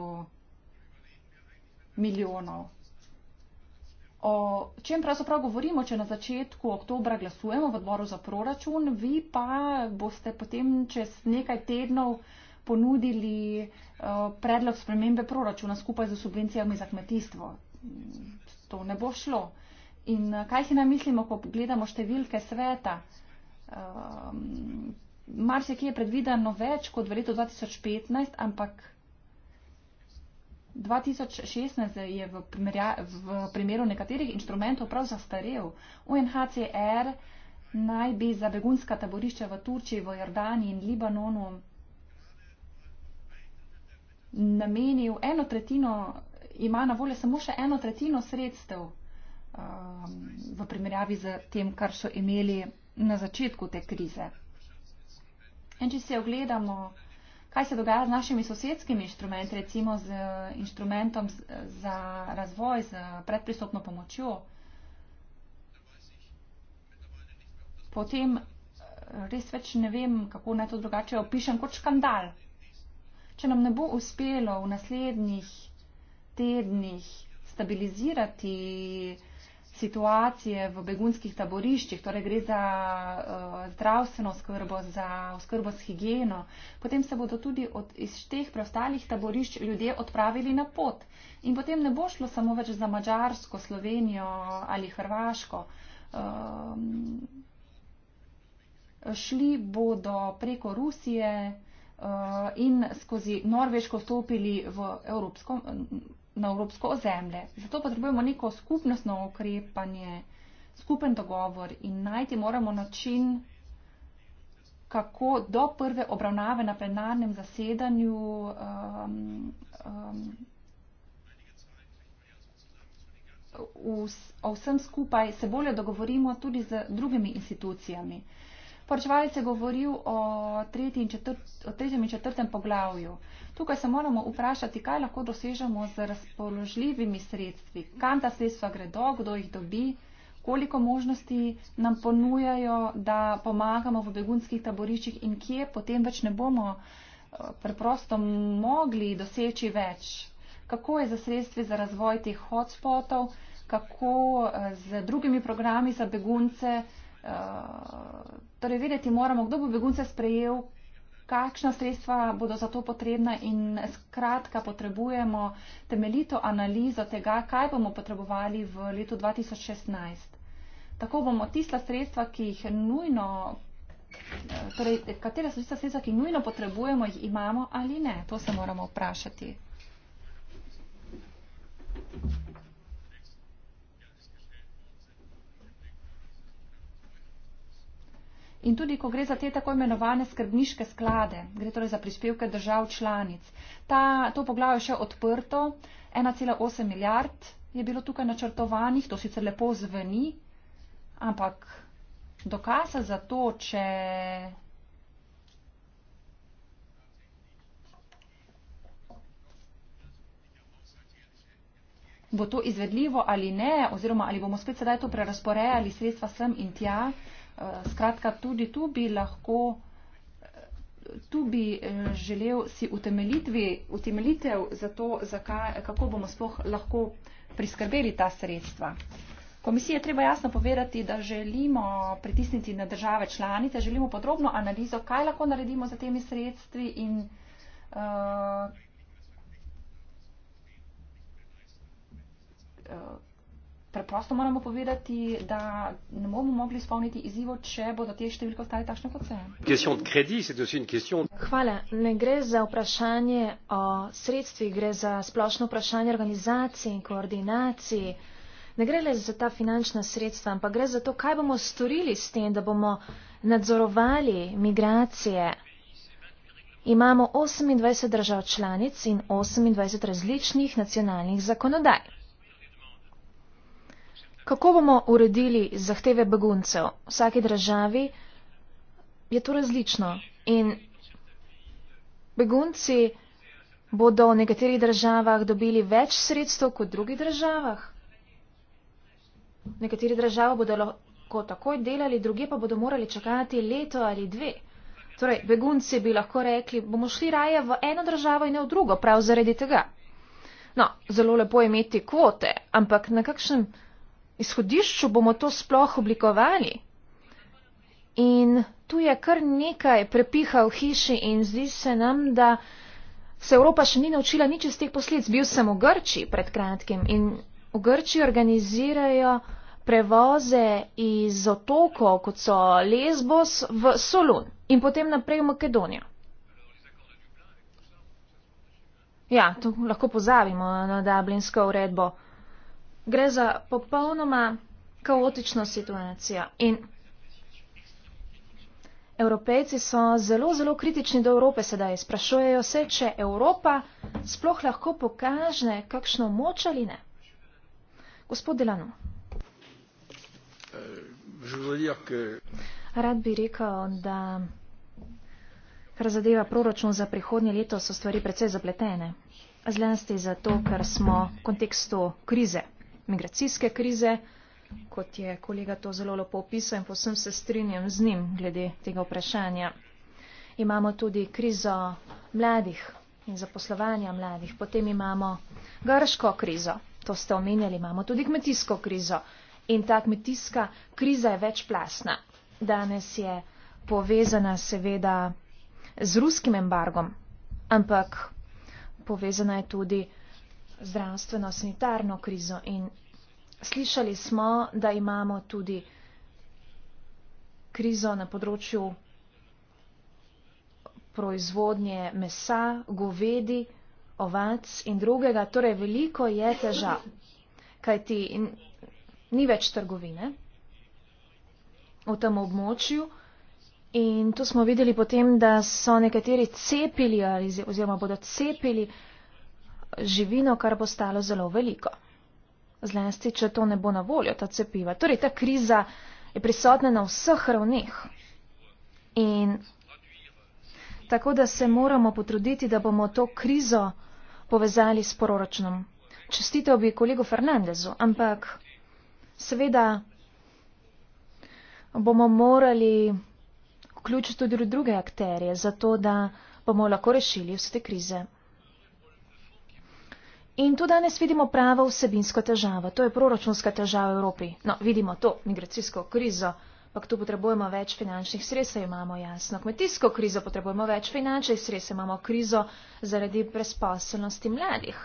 milijonov. O čem pravzaprav govorimo, če na začetku oktobra glasujemo v odboru za proračun, vi pa boste potem čez nekaj tednov ponudili eh, predlog spremembe proračuna skupaj z subvencijami za kmetijstvo. To ne bo šlo. In eh, kaj si namislimo, ko gledamo številke sveta? Ehm, mar se kje je predvideno več kot v letu 2015, ampak 2016 je v, primerja, v primeru nekaterih inštrumentov prav zastarel. UNHCR naj bi za begunska taborišča v Turčiji, v Jordani in Libanonu namenil eno tretjino, ima na voljo samo še eno tretjino sredstev um, v primerjavi z tem, kar so imeli na začetku te krize. In če se ogledamo, kaj se dogaja z našimi sosedskimi inštrumenti, recimo z eh, inštrumentom eh, za razvoj, z predpristopno pomočjo, potem eh, res več ne vem, kako naj to drugače opišem kot škandal. Če nam ne bo uspelo v naslednjih tednih stabilizirati, situacije v begunskih taboriščih, torej gre za uh, zdravstveno oskrbo, za oskrbo s higieno. Potem se bodo tudi od, iz teh preostalih taborišč ljudje odpravili na pot. In potem ne bo šlo samo več za Mačarsko, Slovenijo ali Hrvaško. Um, šli bodo preko Rusije uh, in skozi Norveško vstopili v Evropsko. Um, na evropsko ozemlje. Zato potrebujemo neko skupnostno okrepanje, skupen dogovor in najti moramo način, kako do prve obravnave na plenarnem zasedanju um, um, vs, o vsem skupaj se bolje dogovorimo tudi z drugimi institucijami. Uh, Poročevalec je govoril o tretjem in, četrt, in četrtem poglavju. Tukaj se moramo vprašati, kaj lahko dosežemo z razpoložljivimi sredstvi, kam ta sredstva gredo, kdo jih dobi, koliko možnosti nam ponujajo, da pomagamo v begunskih taboriščih in kje potem več ne bomo eh, preprosto mogli doseči več. Kako je za sredstvi za razvoj teh hotspotov, kako eh, z drugimi programi za begunce. Eh, torej vedeti moramo, kdo bo begunce sprejel, kakšna sredstva bodo za to potrebna in skratka potrebujemo temeljito analizo tega, kaj bomo potrebovali v letu 2016. Tako bomo tista sredstva, ki jih nujno, eh, torej katera so tista sredstva, ki nujno potrebujemo, jih imamo ali ne, to se moramo vprašati. Thank you. In tudi, ko gre za te tako imenovane skrbniške sklade, gre torej za prispevke držav članic, ta, to poglavje je še odprto, 1,8 milijard je bilo tukaj načrtovanih, to sicer lepo zveni, ampak dokaza za to, če. Bo to izvedljivo ali ne, oziroma ali bomo spet sedaj to prerasporejali sredstva sem in tja, Eh, skratka, tudi tu bi lahko, tu bi eh, želel si utemeljitvi, utemeljitev za to, zakaj, kako bomo sploh lahko priskrbeli ta sredstva. Komisije treba jasno povedati, da želimo pritisniti na države članice, želimo podrobno analizo, kaj lahko naredimo za temi sredstvi in uh, preprosto moramo povedati, da ne bomo mogli izpolniti izzivo, če bodo te številke ostale takšne, kot se. Hvala. Ne gre za vprašanje o sredstvih, gre za splošno vprašanje organizacije in koordinacije. Ne gre le za ta finančna sredstva, ampak gre za to, kaj bomo storili s tem, da bomo nadzorovali migracije. Imamo 28 držav članic in 28 različnih nacionalnih zakonodaj. Kako bomo uredili zahteve beguncev? V vsaki državi je to različno. In begunci bodo v nekaterih državah dobili več sredstev kot v drugih državah. Nekateri države bodo lahko takoj delali, druge pa bodo morali čakati leto ali dve. Torej, begunci bi lahko rekli, bomo šli raje v eno državo in ne v drugo, prav zaradi tega. No, zelo lepo je imeti kvote, ampak na kakšen izhodišču bomo to sploh oblikovali. In tu je kar nekaj prepiha v hiši in zdi se nam, da se Evropa še ni naučila nič iz teh posledic. Bil sem v Grči pred kratkim in v Grči organizirajo prevoze iz otokov, kot so Lesbos, v Solun in potem naprej v Makedonijo. Ja, to lahko pozavimo na dablinsko uredbo gre za popolnoma kaotično situacijo. In evropejci so zelo, zelo kritični do Evrope sedaj. Sprašujejo se, če Evropa sploh lahko pokaže, kakšno moč ali ne. Gospod Delano. Rad bi rekel, da kar zadeva proračun za prihodnje leto, so stvari precej zapletene. Zlasti zato, ker smo v kontekstu krize migracijske krize, kot je kolega to zelo lepo opisal in posem se strinjam z njim glede tega vprašanja. Imamo tudi krizo mladih in zaposlovanja mladih, potem imamo grško krizo, to ste omenjali, imamo tudi kmetijsko krizo in ta kmetijska kriza je večplasna. Danes je povezana seveda z ruskim embargom, ampak povezana je tudi zdravstveno sanitarno krizo in slišali smo, da imamo tudi krizo na področju proizvodnje mesa, govedi, ovac in drugega. Torej, veliko je težav, kajti ni več trgovine v tem območju. In tu smo videli potem, da so nekateri cepili oziroma bodo cepili uh, živino, kar bo stalo zelo veliko. Zlasti, če to ne bo na voljo, ta cepiva. Torej, ta kriza je prisotna na vseh ravneh. In tako, da se moramo potruditi, da bomo to krizo povezali s proračunom. Čestitev bi kolegu Fernandezu, ampak seveda bomo morali vključiti tudi druge akterje, zato da bomo lahko rešili vse te krize. In tu danes vidimo pravo vsebinsko težavo, to je proračunska težava v Evropi. No, vidimo to, migracijsko krizo, pa tu potrebujemo več finančnih sredstev, imamo jasno. Kmetijsko krizo potrebujemo več finančnih sredstev, imamo krizo zaradi presposobnosti mladih.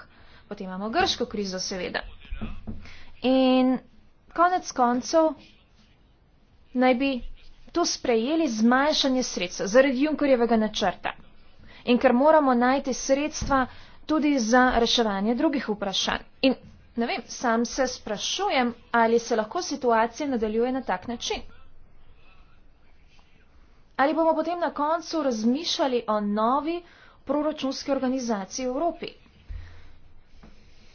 Potem imamo grško krizo, seveda. In konec koncev naj bi to sprejeli zmanjšanje sredstva zaradi Junkerjevega načrta. In ker moramo najti sredstva, tudi za reševanje drugih vprašanj. In ne vem, sam se sprašujem, ali se lahko situacija nadaljuje na tak način. Ali bomo potem na koncu razmišljali o novi proračunski organizaciji v Evropi?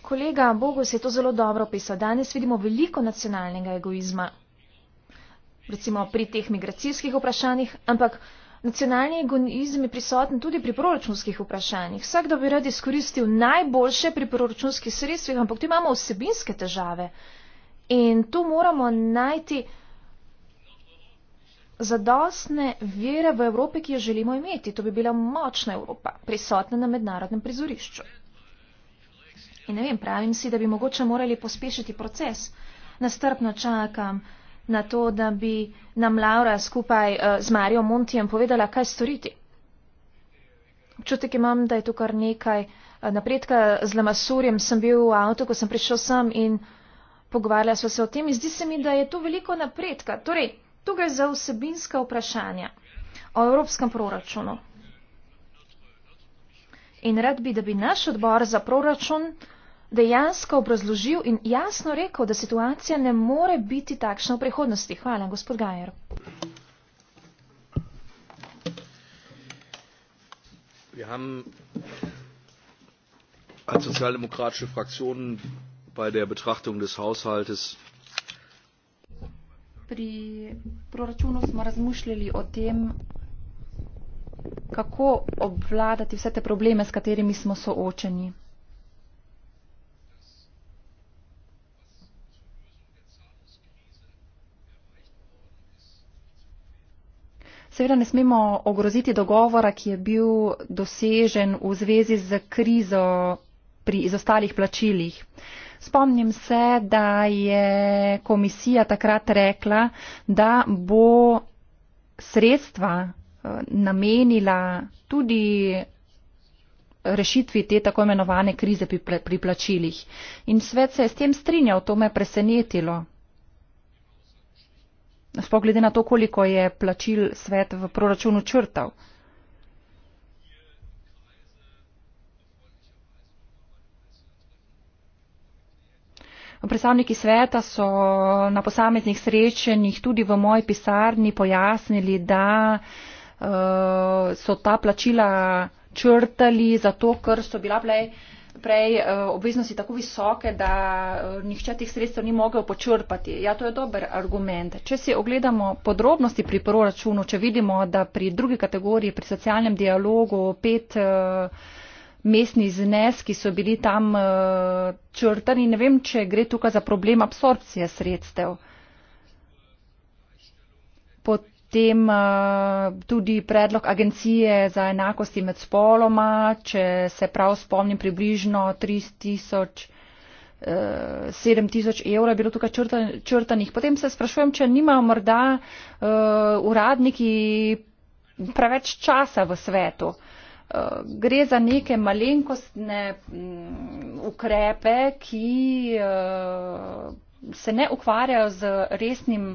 Kolega Bogus je to zelo dobro opisal. Danes vidimo veliko nacionalnega egoizma, recimo pri teh migracijskih vprašanjih, ampak Nacionalni egoizem je prisoten tudi pri proračunskih vprašanjih. Vsakdo bi rad izkoristil najboljše pri proračunskih sredstvih, ampak tu imamo vsebinske težave. In tu moramo najti zadostne vere v Evropi, ki jo želimo imeti. To bi bila močna Evropa, prisotna na mednarodnem prizorišču. In ne vem, pravim si, da bi mogoče morali pospešiti proces. Nastrpno čakam na to, da bi nam Laura skupaj eh, z Marijo Montijem povedala, kaj storiti. Čutek imam, da je tu kar nekaj eh, napredka. Z Lamasurjem sem bil v avtu, ko sem prišel sem in pogovarjala sva se o tem. Zdi se mi, da je tu veliko napredka. Torej, tu gre za vsebinska vprašanja o evropskem proračunu. In rad bi, da bi naš odbor za proračun dejansko obrazložil in jasno rekel, da situacija ne more biti takšna v prihodnosti. Hvala, gospod Gajer. Wir haben als sozialdemokratische Fraktion bei der Betrachtung des Haushaltes pri proračunu smo razmišljali o tem, kako obvladati vse te probleme, s katerimi smo soočeni. Seveda ne smemo ogroziti dogovora, ki je bil dosežen v zvezi z krizo pri izostalih plačilih. Spomnim se, da je komisija takrat rekla, da bo sredstva eh, namenila tudi rešitvi te tako imenovane krize pri plačilih. In svet se je s tem strinjal, to me presenetilo sploh glede na to, koliko je plačil svet v proračunu črtav. Predstavniki sveta so na posameznih srečenjih tudi v moji pisarni pojasnili, da uh, so ta plačila črtali zato, ker so bila plej. Uh, prej eh, obveznosti tako visoke, da eh, nihče tih sredstev ni mogel počrpati. Ja, to je dober argument. Če si ogledamo podrobnosti pri proračunu, če vidimo, da pri drugi kategoriji, pri socialnem dialogu, pet eh, mestni zneski so bili tam črtani, ne vem, če gre tukaj za problem absorpcije sredstev. Potem potem eh, tudi predlog agencije za enakosti med spoloma, če se prav spomnim, približno 3000. 7 eh, tisoč evrov je bilo tukaj črtanih. Potem se sprašujem, če nimajo morda uh, uradniki preveč časa v svetu. Uh, gre za neke malenkostne um, ukrepe, ki uh, se ne ukvarjajo z resnim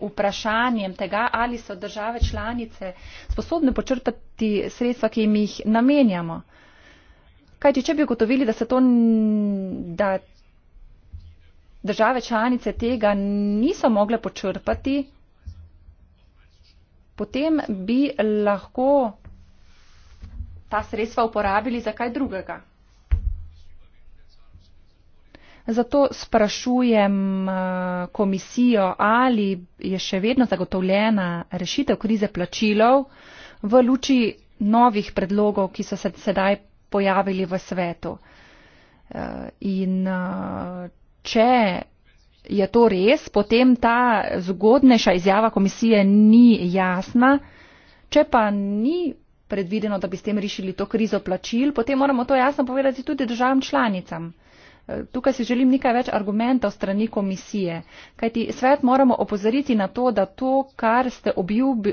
vprašanjem tega, ali so države članice sposobne počrpati sredstva, ki jim jih namenjamo. Kaj ti, če bi ugotovili, da se to, da države članice tega niso mogle počrpati, potem bi lahko ta sredstva uporabili za kaj drugega. Zato sprašujem eh, komisijo, ali je še vedno zagotovljena rešitev krize plačilov v luči novih predlogov, ki so se sedaj pojavili v svetu. Eh, in eh, če je to res, potem ta zgodnejša izjava komisije ni jasna. Če pa ni predvideno, da bi s tem rešili to krizo plačil, potem moramo to jasno povedati tudi državam članicam. Tukaj si želim nekaj več argumentov strani komisije. Kajti svet moramo opozoriti na to, da to, kar ste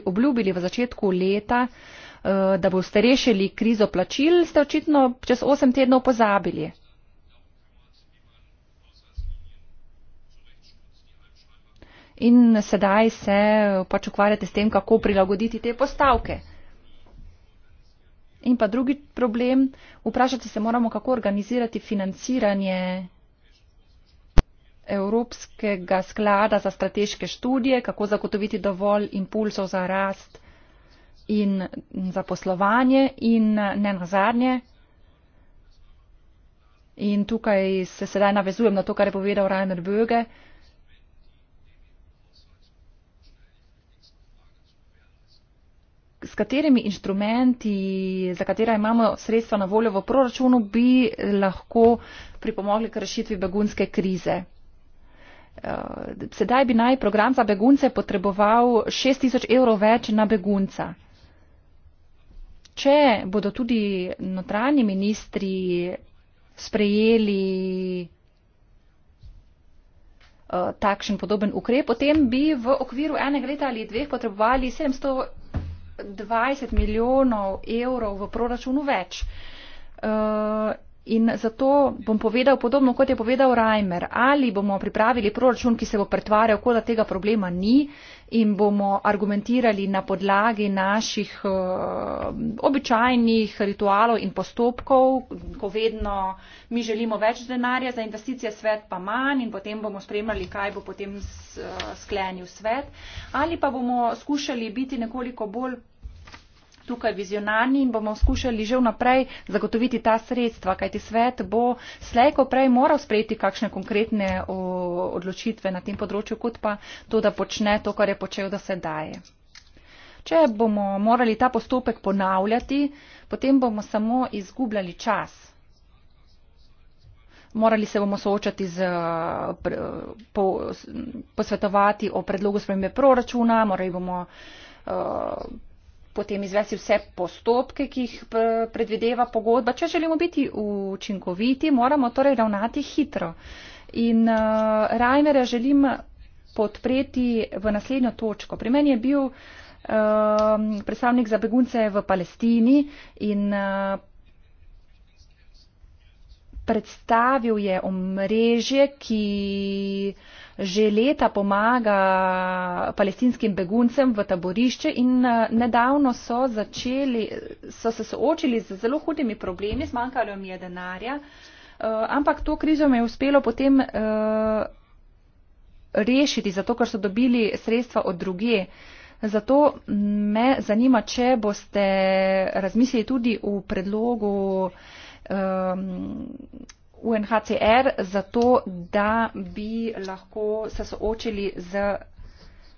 obljubili v začetku leta, eh, da boste rešili krizo plačil, ste očitno čez 8 tednov pozabili. In sedaj se pač ukvarjate s tem, kako prilagoditi te postavke. In pa drugi problem, vprašati se moramo, kako organizirati financiranje Evropskega sklada za strateške študije, kako zagotoviti dovolj impulsov za rast in za poslovanje in ne nazadnje. In tukaj se sedaj navezujem na to, kar je povedal Rainer Böge, s katerimi inštrumenti, za katera imamo sredstva na voljo v proračunu, bi lahko pripomogli k rešitvi begunske krize. Eh, sedaj bi naj program za begunce potreboval 6000 evrov več na begunca. Če bodo tudi notranji ministri sprejeli eh, takšen podoben ukrep, potem bi v okviru enega leta ali dveh potrebovali 700 20 milijonov evrov v proračunu več. Eh, in zato bom povedal podobno, kot je povedal Reimer. Ali bomo pripravili proračun, ki se bo pretvarjal, kot da tega problema ni, in bomo argumentirali na podlagi naših eh, običajnih ritualov in postopkov, ko vedno mi želimo več denarja za investicije, svet pa manj in potem bomo spremljali, kaj bo potem eh, sklenil svet. Ali pa bomo skušali biti nekoliko bolj tukaj vizionarni in bomo skušali že vnaprej zagotoviti ta sredstva, kajti svet bo slejko prej moral sprejeti kakšne konkretne odločitve na tem področju, kot pa to, da počne to, kar je počel do sedaj. Če bomo morali ta postopek ponavljati, potem bomo samo izgubljali čas. Morali se bomo soočati z po, posvetovati o predlogu spremembe proračuna, morali bomo uh, potem izvesti vse postopke, ki jih eh, predvideva pogodba. Če želimo biti učinkoviti, moramo torej ravnati hitro. In uh, eh, Rajnera želim podpreti v naslednjo točko. Pri meni je bil uh, predstavnik za begunce v Palestini in uh, predstavil je omrežje, ki. Uh, že leta pomaga palestinskim beguncem v taborišče in eh, nedavno so, začeli, so se soočili z zelo hudimi problemi, zmanjkalo mi je denarja, eh, ampak to krizo mi je uspelo potem eh, rešiti, zato ker so dobili sredstva od druge. Zato me zanima, če boste razmislili tudi v predlogu. UNHCR za to, da bi lahko se soočili z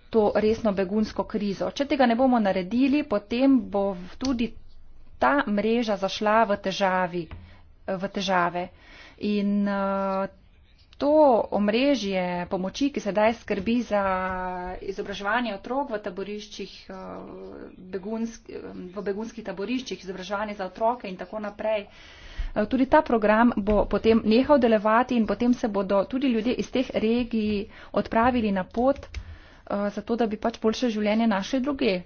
to resno begunsko krizo. Če tega ne bomo naredili, potem bo tudi ta mreža zašla v, težavi, v težave. In uh, To omrežje pomoči, ki sedaj skrbi za izobraževanje otrok v, taboriščih, eh, begunski, v begunskih taboriščih, izobraževanje za otroke in tako naprej, eh, tudi ta program bo potem nehal delovati in potem se bodo tudi ljudje iz teh regij odpravili na pot, eh, zato da bi pač boljše življenje našli druge.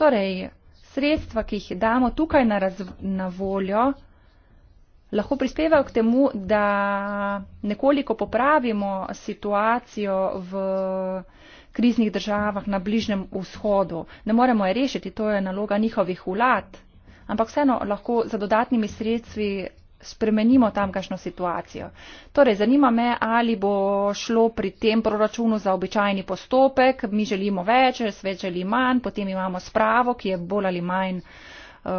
Torej, sredstva, ki jih damo tukaj na, razv, na voljo, lahko prispevajo k temu, da nekoliko popravimo situacijo v kriznih državah na Bližnem vzhodu. Ne moremo je rešiti, to je naloga njihovih vlad, ampak vseeno lahko za dodatnimi sredstvi spremenimo tamkajšno situacijo. Torej, zanima me, ali bo šlo pri tem proračunu za običajni postopek, mi želimo več, svet želi manj, potem imamo spravo, ki je bolj ali manj eh,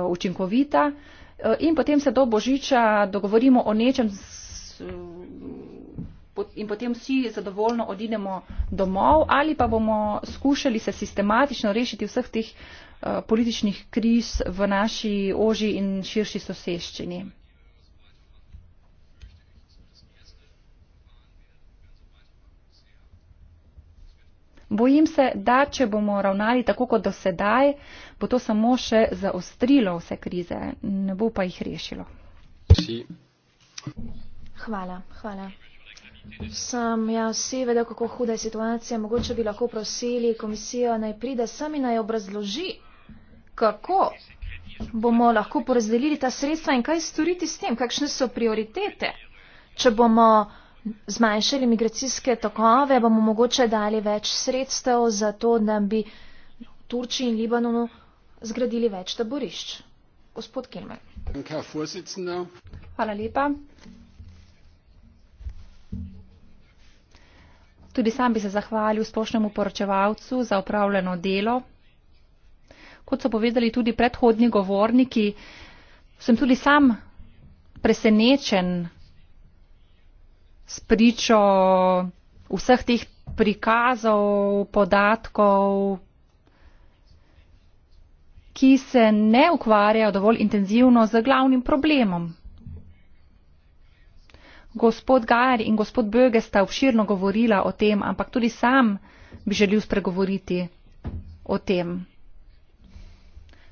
učinkovita eh, in potem se do božiča dogovorimo o nečem eh, in potem vsi zadovoljno odidemo domov ali pa bomo skušali se sistematično rešiti vseh teh političnih kriz v naši oži in širši soseščini. Bojim se, da če bomo ravnali tako kot do sedaj, bo to samo še zaostrilo vse krize, ne bo pa jih rešilo. Hvala, hvala. Sam ja, vsi vedo, kako huda je situacija. Mogoče bi lahko prosili komisijo naj pride sami naj obrazloži, kako bomo lahko porazdelili ta sredstva in kaj storiti s tem, kakšne so prioritete. Če bomo zmanjšali migracijske tokove, bomo mogoče dali več sredstev za to, da bi v Turčiji in Libanonu zgradili več taborišč. Gospod Kilmer. Hvala lepa. Tudi sam bi se zahvalil splošnemu poročevalcu za upravljeno delo. Kot so povedali tudi predhodni govorniki, sem tudi sam presenečen spričo vseh teh prikazov, podatkov, ki se ne ukvarjajo dovolj intenzivno z glavnim problemom. Gospod Gajar in gospod Böge sta obširno govorila o tem, ampak tudi sam bi želil spregovoriti o tem.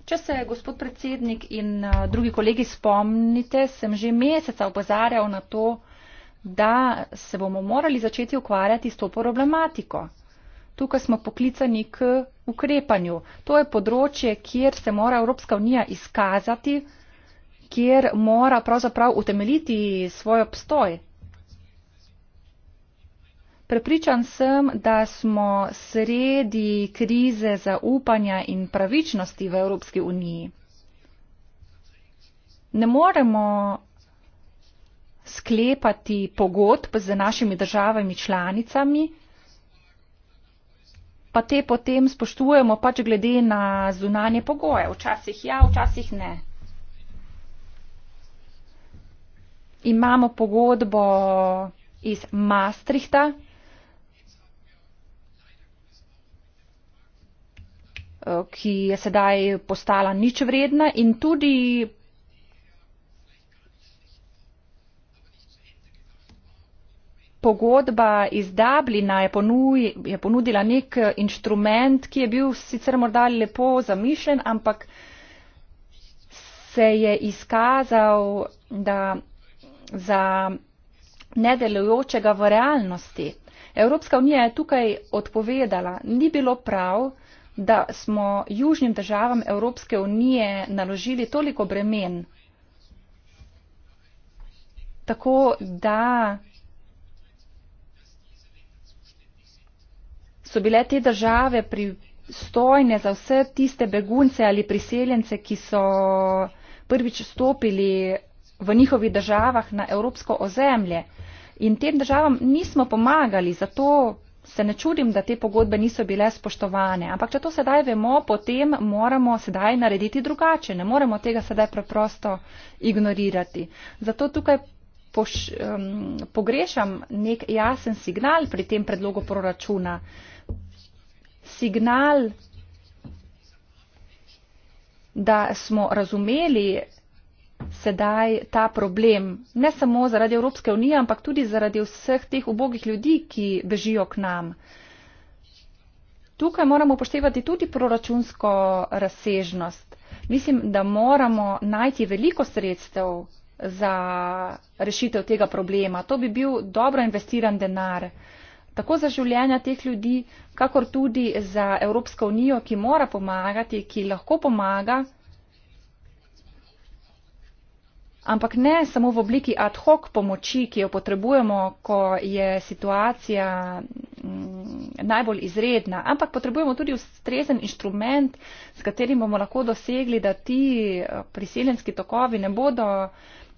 Če se gospod predsednik in eh, drugi kolegi spomnite, sem že meseca opozarjal na to, da se bomo morali začeti ukvarjati s to problematiko. Tukaj smo poklicani k ukrepanju. To je področje, kjer se mora Evropska unija izkazati, kjer mora pravzaprav utemeliti svoj obstoj. Prepričan sem, da smo sredi krize zaupanja in pravičnosti v Evropski uniji. Ne moremo sklepati pogodb z našimi državami članicami, pa te potem spoštujemo pač glede na zunanje pogoje. Včasih ja, včasih ne. Imamo pogodbo iz Maastrichta. ki je sedaj postala nič vredna in tudi pogodba iz Dublina je, ponuj, je ponudila nek eh, inštrument, ki je bil sicer morda lepo zamišljen, ampak se je izkazal, da za nedelujočega v realnosti. Evropska unija je tukaj odpovedala, ni bilo prav, da smo južnim državam Evropske unije naložili toliko bremen. Tako da so bile te države pristojne za vse tiste begunce ali priseljence, ki so prvič stopili v njihovih državah na evropsko ozemlje. In tem državam nismo pomagali, zato se ne čudim, da te pogodbe niso bile spoštovane. Ampak če to sedaj vemo, potem moramo sedaj narediti drugače. Ne moremo tega sedaj preprosto ignorirati. Zato tukaj poš, um, pogrešam nek jasen signal pri tem predlogu proračuna. Signal, da smo razumeli sedaj ta problem, ne samo zaradi Evropske unije, ampak tudi zaradi vseh teh ubogih ljudi, ki bežijo k nam. Tukaj moramo poštevati tudi proračunsko razsežnost. Mislim, da moramo najti veliko sredstev za rešitev tega problema. To bi bil dobro investiran denar, tako za življenja teh ljudi, kakor tudi za Evropsko unijo, ki mora pomagati, ki lahko pomaga, ampak ne samo v obliki ad hoc pomoči, ki jo potrebujemo, ko je situacija mm, najbolj izredna, ampak potrebujemo tudi ustrezen inštrument, s katerim bomo lahko dosegli, da ti eh, priseljenski tokovi ne bodo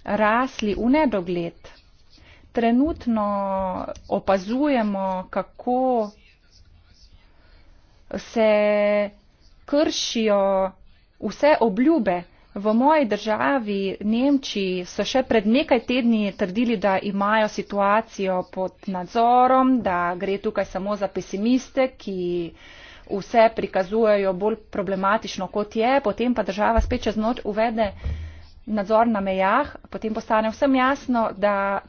rasli v nedogled. Trenutno opazujemo, kako se kršijo vse obljube. V moji državi, Nemčiji, so še pred nekaj tedni trdili, da imajo situacijo pod nadzorom, da gre tukaj samo za pesimiste, ki vse prikazujejo bolj problematično, kot je. Potem pa država spet čez noč uvede nadzor na mejah, potem postane vsem jasno, da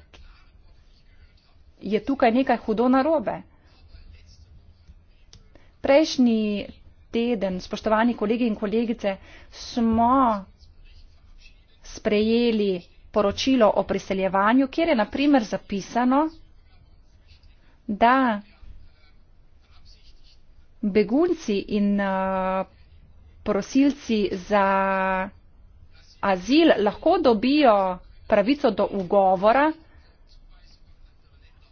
je tukaj nekaj hudo narobe. Prejšnji teden, spoštovani kolegi in kolegice, smo sprejeli poročilo o priseljevanju, kjer je naprimer zapisano, da begunci in uh, prosilci za azil, lahko dobijo pravico do ugovora,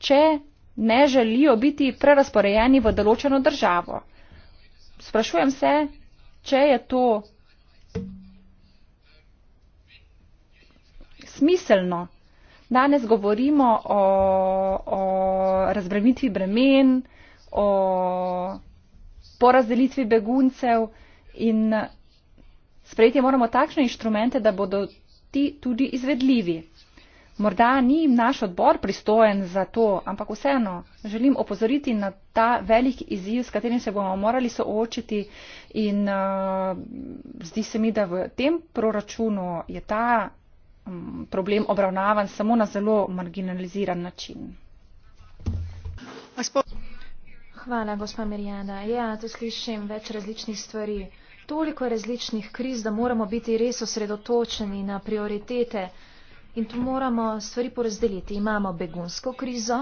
če ne želijo biti prerasporejeni v določeno državo. Sprašujem se, če je to smiselno. Danes govorimo o, o razbremitvi bremen, o porazdelitvi beguncev in Sprejeti moramo takšne inštrumente, da bodo ti tudi izvedljivi. Morda ni naš odbor pristojen za to, ampak vseeno želim opozoriti na ta velik izziv, s katerim se bomo morali soočiti in uh, zdi se mi, da v tem proračunu je ta um, problem obravnavan samo na zelo marginaliziran način. Hvala, gospa Mirjana. Ja, tu slišim več različnih stvari. Uh, toliko različnih kriz, da moramo biti res osredotočeni na prioritete in tu moramo stvari porazdeliti. Imamo begunsko krizo,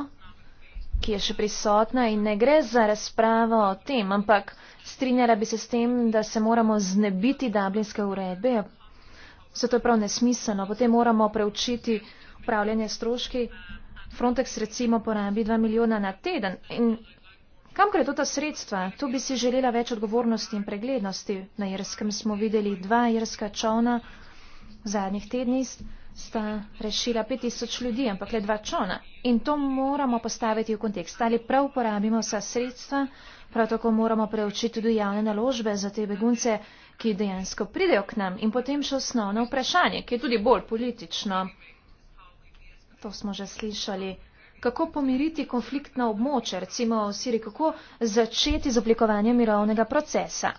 ki je še prisotna in ne gre za razpravo o tem, ampak strinjala bi se s tem, da se moramo znebiti dablinske uredbe. Vse to je prav nesmiselno. Potem moramo preučiti upravljanje stroški. Frontex recimo porabi 2 milijona na teden in Kam gre to ta sredstva? Tu bi si želela več odgovornosti in preglednosti. Na Irskem smo videli dva irska čovna, v zadnjih tednih sta rešila 5000 ljudi, ampak le dva čovna. In to moramo postaviti v kontekst. Ali prav uporabimo vsa sredstva, prav tako moramo preučiti tudi javne naložbe za te begunce, ki dejansko pridejo k nam. In potem še osnovno vprašanje, ki je tudi bolj politično. To smo že slišali kako pomiriti konfliktna območja, recimo v Siriji, kako začeti z oblikovanjem mirovnega procesa.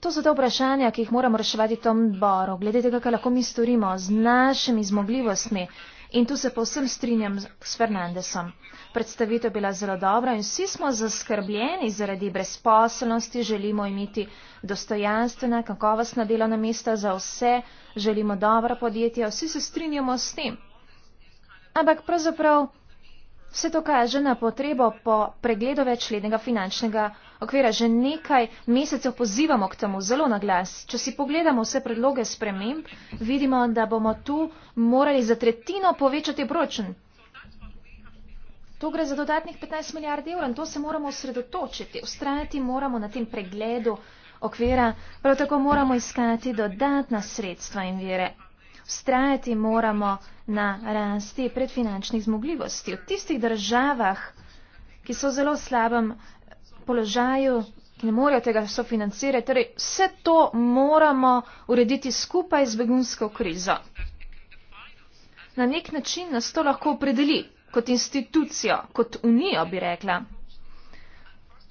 To so ta vprašanja, ki jih moramo reševati v tom boru, glede tega, kaj lahko mi storimo z našimi zmogljivostmi. In tu se povsem strinjam s Fernandesom. Predstavitev je bila zelo dobra in vsi smo zaskrbljeni zaradi brezposelnosti, želimo imeti dostojanstvena, kakovostna delovna mesta za vse, želimo dobra podjetja, vsi se strinjamo s tem. Ampak pravzaprav Vse to kaže na potrebo po pregledu večletnega finančnega okvira. Že nekaj mesecev pozivamo k temu zelo na glas. Če si pogledamo vse predloge sprememb, vidimo, da bomo tu morali za tretjino povečati proračun. To gre za dodatnih 15 milijard evrov in to se moramo osredotočiti. Ustrajati moramo na tem pregledu okvira. Prav tako moramo iskati dodatna sredstva in vire vztrajati moramo na rasti predfinančnih zmogljivosti. V tistih državah, ki so v zelo slabem položaju, ki ne morejo tega sofinancirati, torej vse to moramo urediti skupaj z begunsko krizo. Na nek način nas to lahko opredeli kot institucijo, kot unijo, bi rekla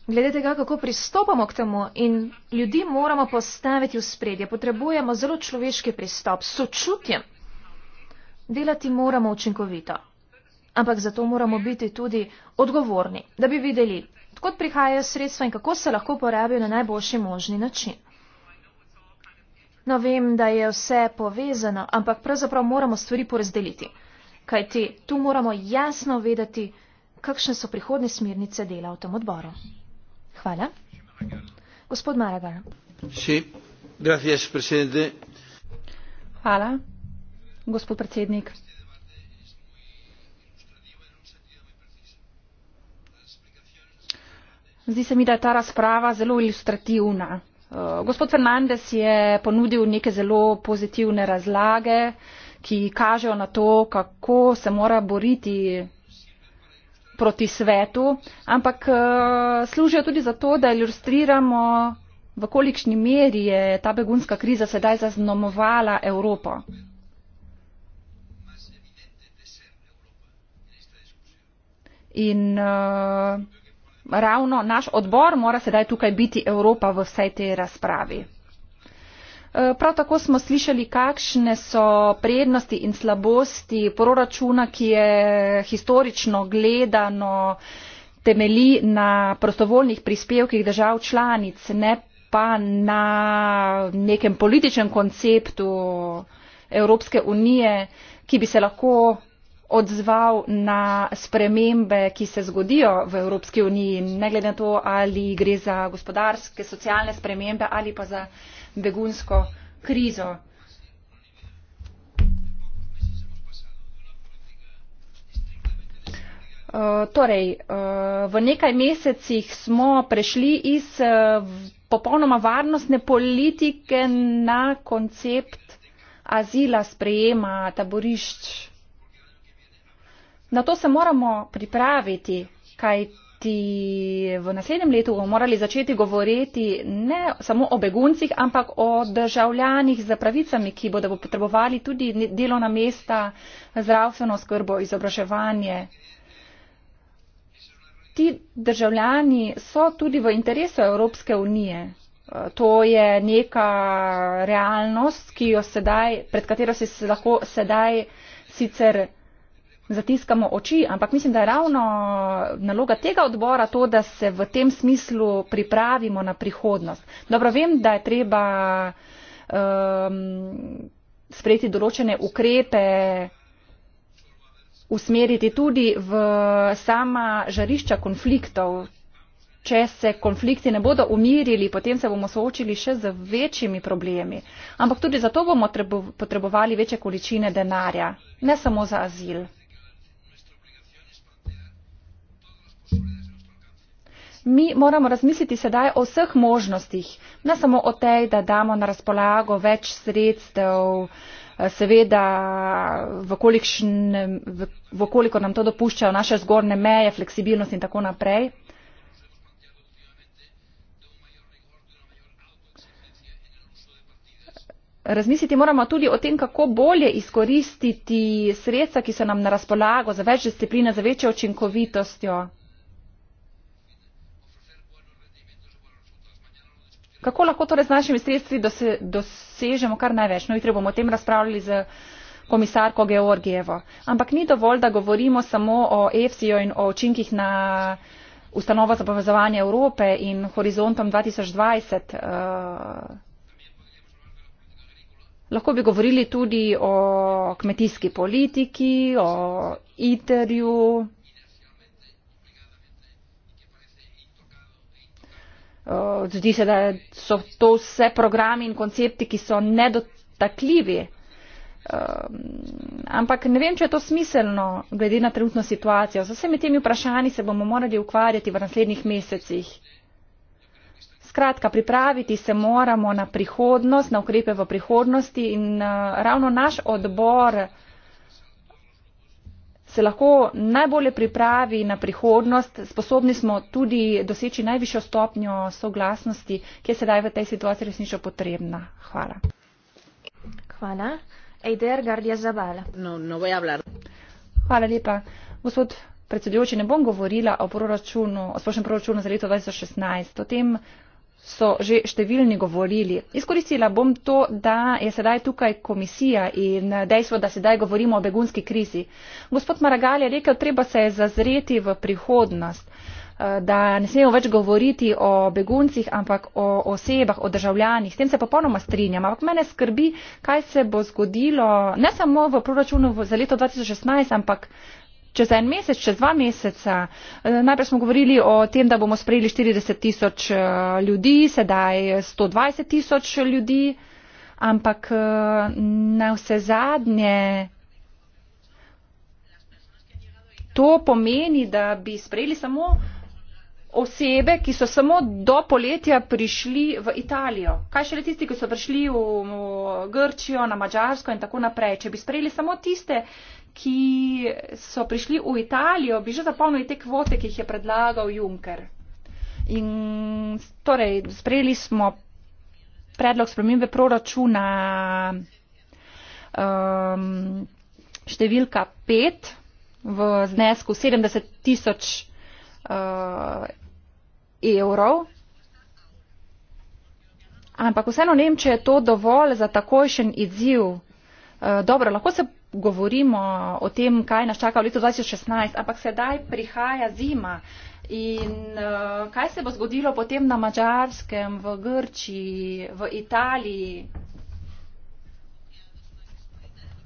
glede tega, kako pristopamo k temu in ljudi moramo postaviti v spredje. Potrebujemo zelo človeški pristop, sočutje. Delati moramo učinkovito, ampak zato moramo biti tudi odgovorni, da bi videli, kod prihajajo sredstva in kako se lahko porabijo na najboljši možni način. No, vem, da je vse povezano, ampak pravzaprav moramo stvari porazdeliti. Kaj ti, tu moramo jasno vedeti, kakšne so prihodne smernice dela v tem odboru. Hvala. Gospod Maragar. Sí. Gracias, presidente. Hvala. Gospod predsednik. Zdi se mi, da je ta razprava zelo ilustrativna. Eh, gospod Fernandez je ponudil neke zelo pozitivne razlage, ki kažejo na to, kako se mora boriti proti svetu, ampak eh, služijo tudi zato, da ilustriramo, v kolikšni meri je ta begunska kriza sedaj zaznamovala Evropo. In uh, ravno naš odbor mora sedaj tukaj biti Evropa v vsej tej razpravi. Eh, prav tako smo slišali, kakšne so prednosti in slabosti proračuna, ki je historično gledano temeli na prostovoljnih prispevkih držav članic, ne pa na nekem političnem konceptu Evropske unije, ki bi se lahko odzval na spremembe, ki se zgodijo v Evropski uniji, ne glede na to, ali gre za gospodarske, socialne spremembe ali pa za begunsko krizo. Uh, torej, uh, v nekaj mesecih smo prešli iz uh, popolnoma varnostne politike na koncept azila sprejema taborišč. Na to se moramo pripraviti, kaj kajti v naslednjem letu bomo morali začeti govoriti ne samo o beguncih, ampak o državljanih z pravicami, ki bodo potrebovali tudi delovna mesta, zdravstveno skrbo, izobraževanje. Ti državljani so tudi v interesu Evropske unije. To je neka realnost, ki jo sedaj, pred katero se lahko sedaj sicer zatiskamo oči, ampak mislim, da je ravno naloga tega odbora to, da se v tem smislu pripravimo na prihodnost. Dobro, vem, da je treba um, sprejeti določene ukrepe, usmeriti tudi v sama žarišča konfliktov. Če se konflikti ne bodo umirili, potem se bomo soočili še z večjimi problemi. Ampak tudi zato bomo potrebovali večje količine denarja, ne samo za azil. mi moramo razmisliti sedaj o vseh možnostih, ne samo o tej, da damo na razpolago več sredstev, eh, seveda, vkoliko nam to dopuščajo naše zgornje meje, fleksibilnost in tako naprej. Razmisliti moramo tudi o tem, kako bolje izkoristiti sredstva, ki so nam na razpolago za več discipline, za večjo učinkovitostjo. Kako lahko torej z našimi sredstvi dose, dosežemo kar največ? No, jutri bomo o tem razpravljali z komisarko Georgijevo. Ampak ni dovolj, da govorimo samo o EFSI-ju in o učinkih na ustanovo za povezovanje Evrope in horizontom 2020. Eh, lahko bi govorili tudi o kmetijski politiki, o ITER-ju, Eh, zdi se, da so to vse programi in koncepti, ki so nedotakljivi. Eh, ampak ne vem, če je to smiselno, glede na trenutno situacijo. Z vsemi temi vprašanji se bomo morali ukvarjati v naslednjih mesecih. Skratka, pripraviti se moramo na prihodnost, na ukrepe v prihodnosti in eh, ravno naš odbor se lahko najbolje pripravi na prihodnost, sposobni smo tudi doseči najvišjo stopnjo soglasnosti, ki je sedaj v tej situaciji resnično potrebna. Hvala. Hvala. Eider Gardia Zavala. No, no Hvala lepa. Gospod predsedujoči, ne bom govorila o proračunu, o splošnem proračunu za leto 2016. O tem so že številni govorili. Izkoristila bom to, da je sedaj tukaj komisija in dejstvo, da sedaj govorimo o begunski krizi. Gospod Maragal je rekel, treba se je zazreti v prihodnost, eh, da ne smemo več govoriti o beguncih, ampak o osebah, o državljanih. S tem se popolnoma strinjam, ampak mene skrbi, kaj se bo zgodilo ne samo v proračunu za leto 2016, ampak čez en mesec, čez dva meseca. Eh, najprej smo govorili o tem, da bomo sprejeli 40 tisoč eh, ljudi, sedaj 120 tisoč ljudi, ampak eh, na vse zadnje. To pomeni, da bi sprejeli samo osebe, ki so samo do poletja prišli v Italijo. Kaj šele tisti, ki so prišli v Grčijo, na Mačarsko in tako naprej. Če bi sprejeli samo tiste, ki so prišli v Italijo, bi že zapolnili te kvote, ki jih je predlagal Juncker. In torej, sprejeli smo predlog spremembe proračuna um, številka 5 v znesku 70 tisoč uh, evrov. Ampak vseeno Nemčija je to dovolj za takojšen izziv. Uh, dobro, lahko se govorimo o tem, kaj nas čaka v letu 2016, ampak sedaj prihaja zima. In uh, kaj se bo zgodilo potem na Mačarskem, v Grčiji, v Italiji?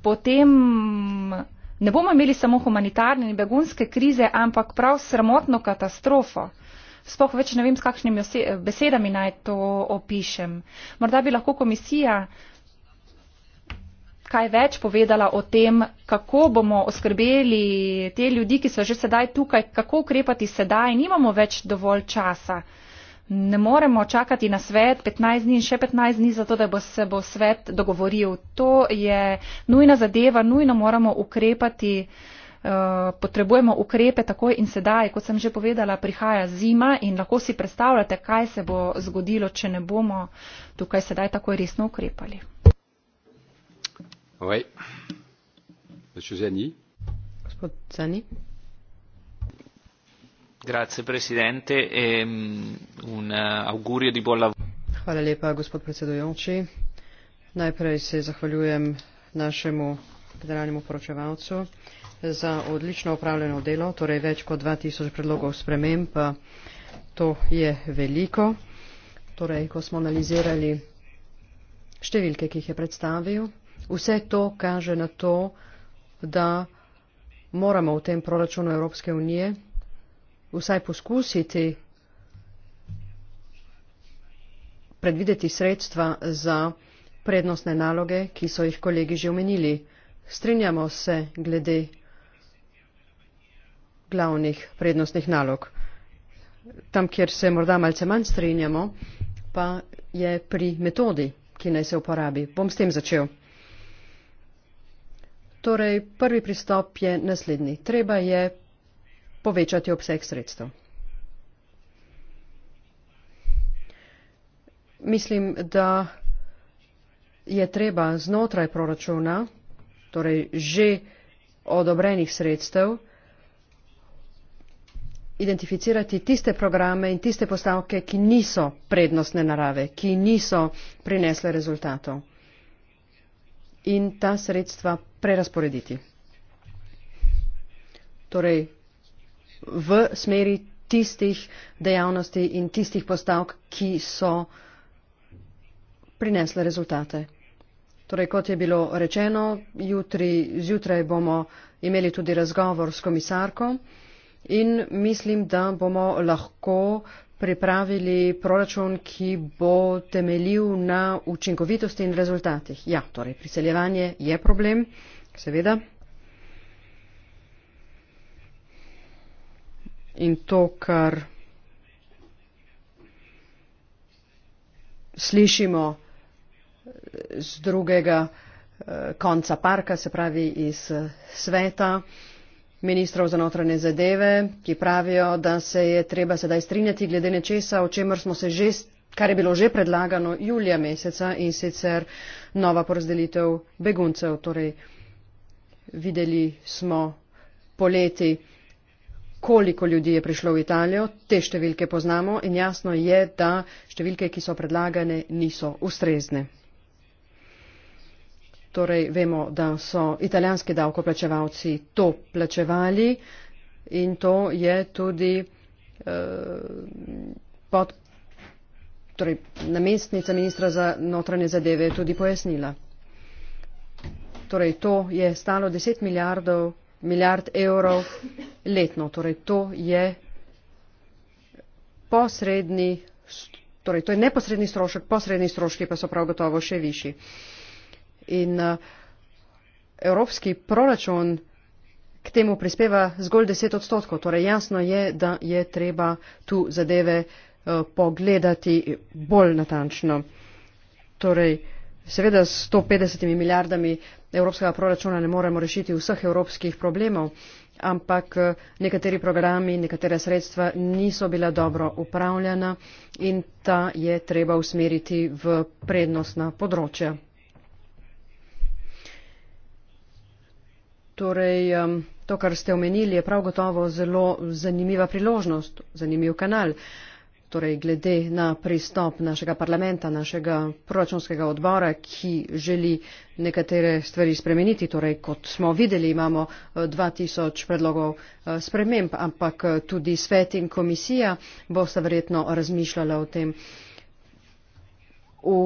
Potem ne bomo imeli samo humanitarne in begunske krize, ampak prav sramotno katastrofo. Spoh več ne vem, s kakšnimi besedami naj to opišem. Morda bi lahko komisija kaj več povedala o tem, kako bomo oskrbeli te ljudi, ki so že sedaj tukaj, kako ukrepati sedaj. Nimamo več dovolj časa. Ne moremo čakati na svet 15 dni in še 15 dni, zato da bo se bo svet dogovoril. To je nujna zadeva, nujno moramo ukrepati. Uh, potrebujemo ukrepe takoj in sedaj, kot sem že povedala, prihaja zima in lahko si predstavljate, kaj se bo zgodilo, če ne bomo tukaj sedaj takoj resno ukrepali. Oui. Monsieur Zani. Zani. Grazie Presidente e un augurio di buon lavoro. Hvala lepa, gospod predsedujoči. Najprej se zahvaljujem našemu generalnemu poročevalcu za odlično upravljeno delo, torej več kot 2000 predlogov sprememb, pa to je veliko. Torej, ko smo analizirali številke, ki jih je predstavil, Vse to kaže na to, da moramo v tem proračunu Evropske unije vsaj poskusiti predvideti sredstva za prednostne naloge, ki so jih kolegi že omenili. Strinjamo se glede glavnih prednostnih nalog. Tam, kjer se morda malce manj strinjamo, pa je pri metodi, ki naj se uporabi. Bom s tem začel. Torej, prvi pristop je naslednji. Treba je povečati obseg sredstev. Mislim, da je treba znotraj proračuna, torej že odobrenih sredstev, identificirati tiste programe in tiste postavke, ki niso prednostne narave, ki niso prinesle rezultatov in ta sredstva prerasporediti. Torej, v smeri tistih dejavnosti in tistih postavk, ki so prinesle rezultate. Torej, kot je bilo rečeno, jutri, zjutraj bomo imeli tudi razgovor s komisarko in mislim, da bomo lahko uh, pripravili proračun, ki bo temeljil na učinkovitosti in rezultatih. Ja, torej priseljevanje je problem, seveda. In to, kar slišimo z drugega eh, konca parka, se pravi iz sveta, ministrov za notranje zadeve, ki pravijo, da se je treba sedaj strinjati glede nečesa, o čemer smo se že, kar je bilo že predlagano julija meseca in sicer nova porazdelitev beguncev. Torej, videli smo poleti, koliko ljudi je prišlo v Italijo, te številke poznamo in jasno je, da številke, ki so predlagane, niso ustrezne torej vemo, da so italijanski davkoplačevalci to plačevali in to je tudi eh, pod, torej, namestnica ministra za notranje zadeve tudi pojasnila. Torej, to je stalo 10 milijardov, milijard evrov letno. Torej, to je posredni, torej, to je neposredni strošek, posredni stroški pa so prav gotovo še višji in eh, evropski proračun k temu prispeva zgolj 10 odstotkov. Torej jasno je, da je treba tu zadeve eh, pogledati bolj natančno. Torej, seveda s 150 milijardami evropskega proračuna ne moremo rešiti vseh evropskih problemov, ampak eh, nekateri programi, nekatere sredstva niso bila dobro upravljena in ta je treba usmeriti v prednostna področja. Torej, to, kar ste omenili, je prav gotovo zelo zanimiva priložnost, zanimiv kanal. Torej, glede na pristop našega parlamenta, našega proračunskega odbora, ki želi nekatere stvari spremeniti. Torej, kot smo videli, imamo 2000 eh, predlogov eh, sprememb, ampak eh, tudi svet in komisija bosta verjetno razmišljala o tem. V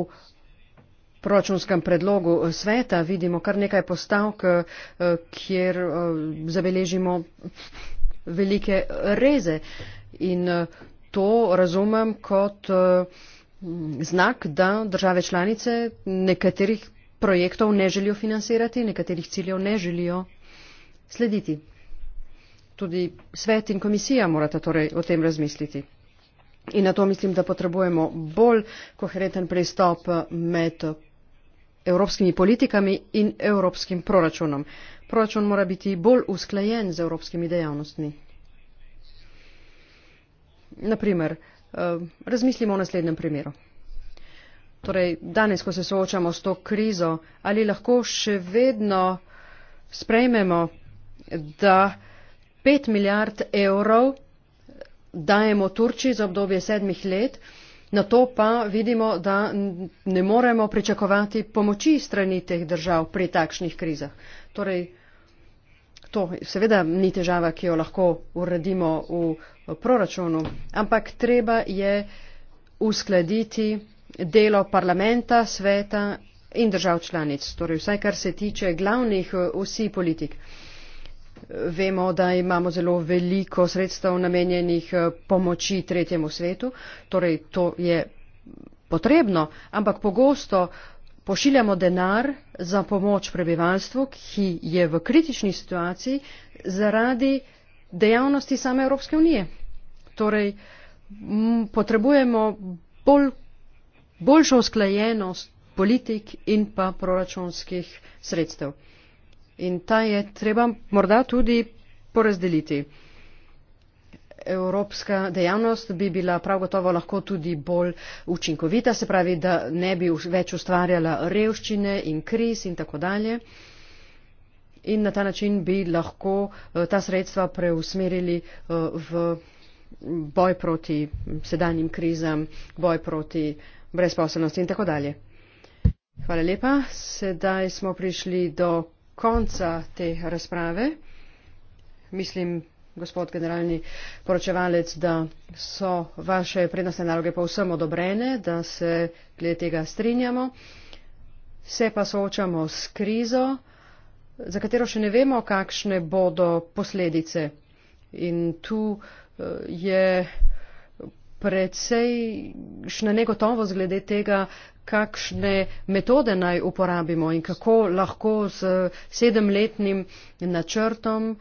proračunskem predlogu eh, sveta vidimo kar nekaj postavk, eh, kjer eh, zabeležimo velike reze. In to razumem kot znak, da države članice nekaterih projektov ne želijo financirati, nekaterih ciljev ne želijo slediti. Tudi svet in komisija morata torej o tem razmisliti. In na to mislim, da potrebujemo bolj koherenten pristop med evropskimi politikami in evropskim proračunom. Proračun mora biti bolj usklajen z evropskimi dejavnostmi. Naprimer, eh, razmislimo o naslednjem primeru. Torej, danes, ko se soočamo s to krizo, ali lahko še vedno sprejmemo, da 5 milijard evrov dajemo Turčiji za obdobje sedmih let, Na to pa vidimo, da ne moremo pričakovati pomoči strani teh držav pri takšnih krizah. Torej, to seveda ni težava, ki jo lahko uredimo v proračunu, ampak treba je uskladiti delo parlamenta, sveta in držav članic, torej vsaj kar se tiče glavnih vsi eh, politik. Vemo, da imamo zelo veliko sredstev namenjenih eh, pomoči tretjemu svetu, torej to je potrebno, ampak pogosto pošiljamo denar za pomoč prebivalstvu, ki je v kritični situaciji zaradi dejavnosti same Evropske unije. Torej m, potrebujemo bol, boljšo usklajenost politik in pa proračunskih sredstev in ta je treba morda tudi porazdeliti. Evropska dejavnost bi bila prav gotovo lahko tudi bolj učinkovita, se pravi, da ne bi več ustvarjala revščine in kriz in tako dalje. In na ta način bi lahko eh, ta sredstva preusmerili eh, v boj proti sedanjim krizam, boj proti brezposobnosti in tako dalje. Hvala lepa. Sedaj smo prišli do konca te razprave. Mislim, gospod generalni poročevalec, da so vaše prednostne naloge povsem odobrene, da se glede tega strinjamo. Se pa soočamo s krizo, za katero še ne vemo, kakšne bodo posledice. In tu eh, je precejšna negotovost glede tega, kakšne metode naj uporabimo in kako lahko z sedemletnim načrtom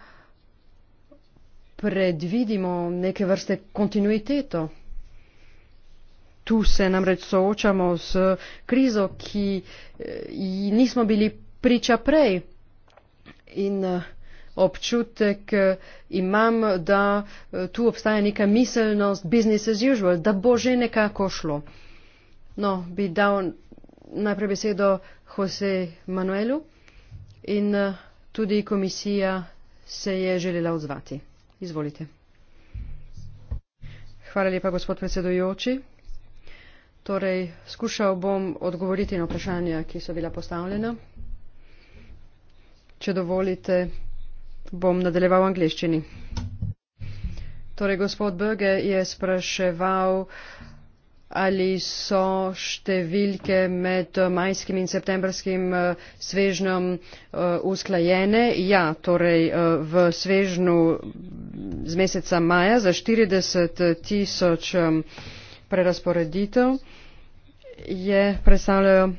predvidimo neke vrste kontinuiteto. Tu se namreč soočamo s krizo, ki eh, nismo bili priča prej. In uh, občutek eh, imam, da eh, tu obstaja neka miselnost business as usual, da bo že nekako šlo. No, bi dal najprej besedo Jose Manuelu in eh, tudi komisija se je želela odzvati. Izvolite. Hvala lepa, gospod predsedujoči. Torej, skušal bom odgovoriti na vprašanja, ki so bila postavljena. Če dovolite, bom nadaljeval v angliščini. Torej, gospod Böge je spraševal, ali so številke med majskim in septembrskim eh, svežnjem eh, usklajene. Ja, torej eh, v svežnju z meseca maja za 40 tisoč prerasporeditev je predstavljajo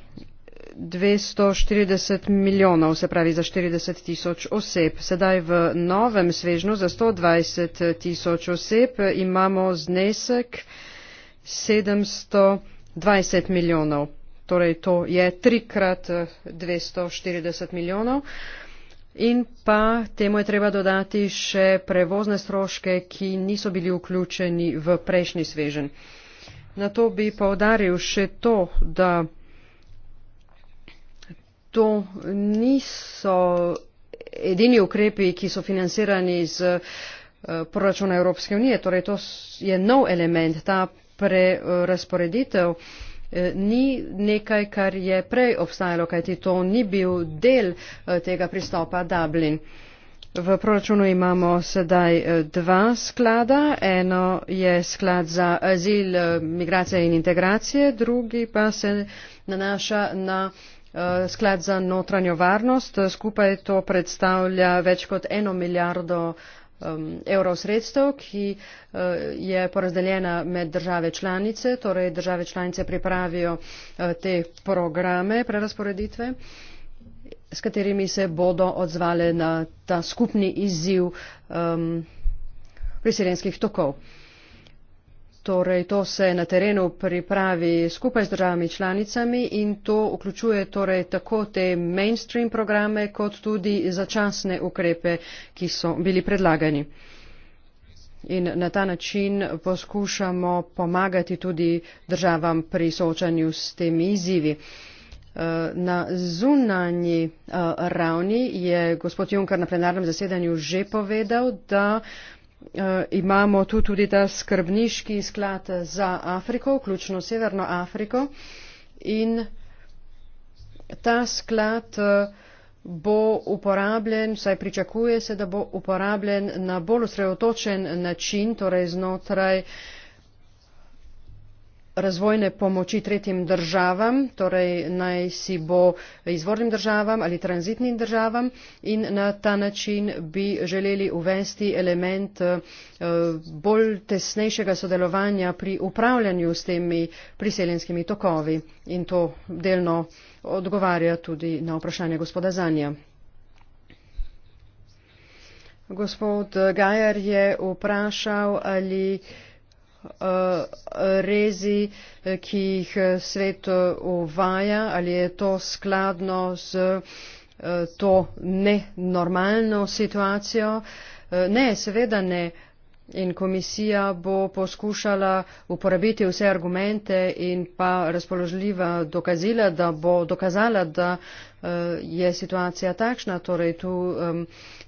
240 milijonov, se pravi za 40 tisoč oseb. Sedaj v novem svežnu za 120 tisoč oseb imamo znesek 720 milijonov. Torej to je trikrat 240 eh, milijonov. In pa temu je treba dodati še prevozne stroške, ki niso bili vključeni v prejšnji svežen. Na to bi povdaril še to, da to niso edini ukrepi, ki so financirani z eh, proračuna Evropske unije. Torej, to je nov element, ta prerasporeditev eh, ni nekaj, kar je prej obstajalo, kajti to ni bil del eh, tega pristopa Dublin. V proračunu imamo sedaj dva sklada. Eno je sklad za azil, migracije in integracije, drugi pa se nanaša na Eh, sklad za notranjo varnost. Eh, skupaj to predstavlja več kot eno milijardo evrov sredstev, ki eh, je porazdeljena med države članice. Torej države članice pripravijo te programe prerasporeditve s katerimi se bodo odzvale na ta skupni izziv um, priseljenskih tokov. Torej, to se na terenu pripravi skupaj z državami članicami in to vključuje torej tako te mainstream programe, kot tudi začasne ukrepe, ki so bili predlagani. In na ta način poskušamo pomagati tudi državam pri soočanju s temi izzivi. Eh, na zunanji eh, ravni je gospod Junkar na plenarnem zasedanju že povedal, da uh, imamo tu tudi ta skrbniški sklad za Afriko, vključno Severno Afriko. In ta sklad eh, bo uporabljen, saj pričakuje se, da bo uporabljen na bolj osredotočen način, torej znotraj uh, razvojne pomoči tretjim državam, torej naj si bo izvornim državam ali tranzitnim državam in na ta način bi želeli uvesti element eh, bolj tesnejšega sodelovanja pri upravljanju s temi priseljenskimi tokovi in to delno odgovarja tudi na vprašanje gospoda Zanja. Gospod Gajar je vprašal, ali Eh, rezi, eh, ki jih eh, svet uvaja, ali je to skladno z to nenormalno situacijo. Ne, seveda ne in komisija bo poskušala uporabiti vse argumente in pa razpoložljiva dokazila, da bo dokazala, da eh, je situacija takšna, torej tu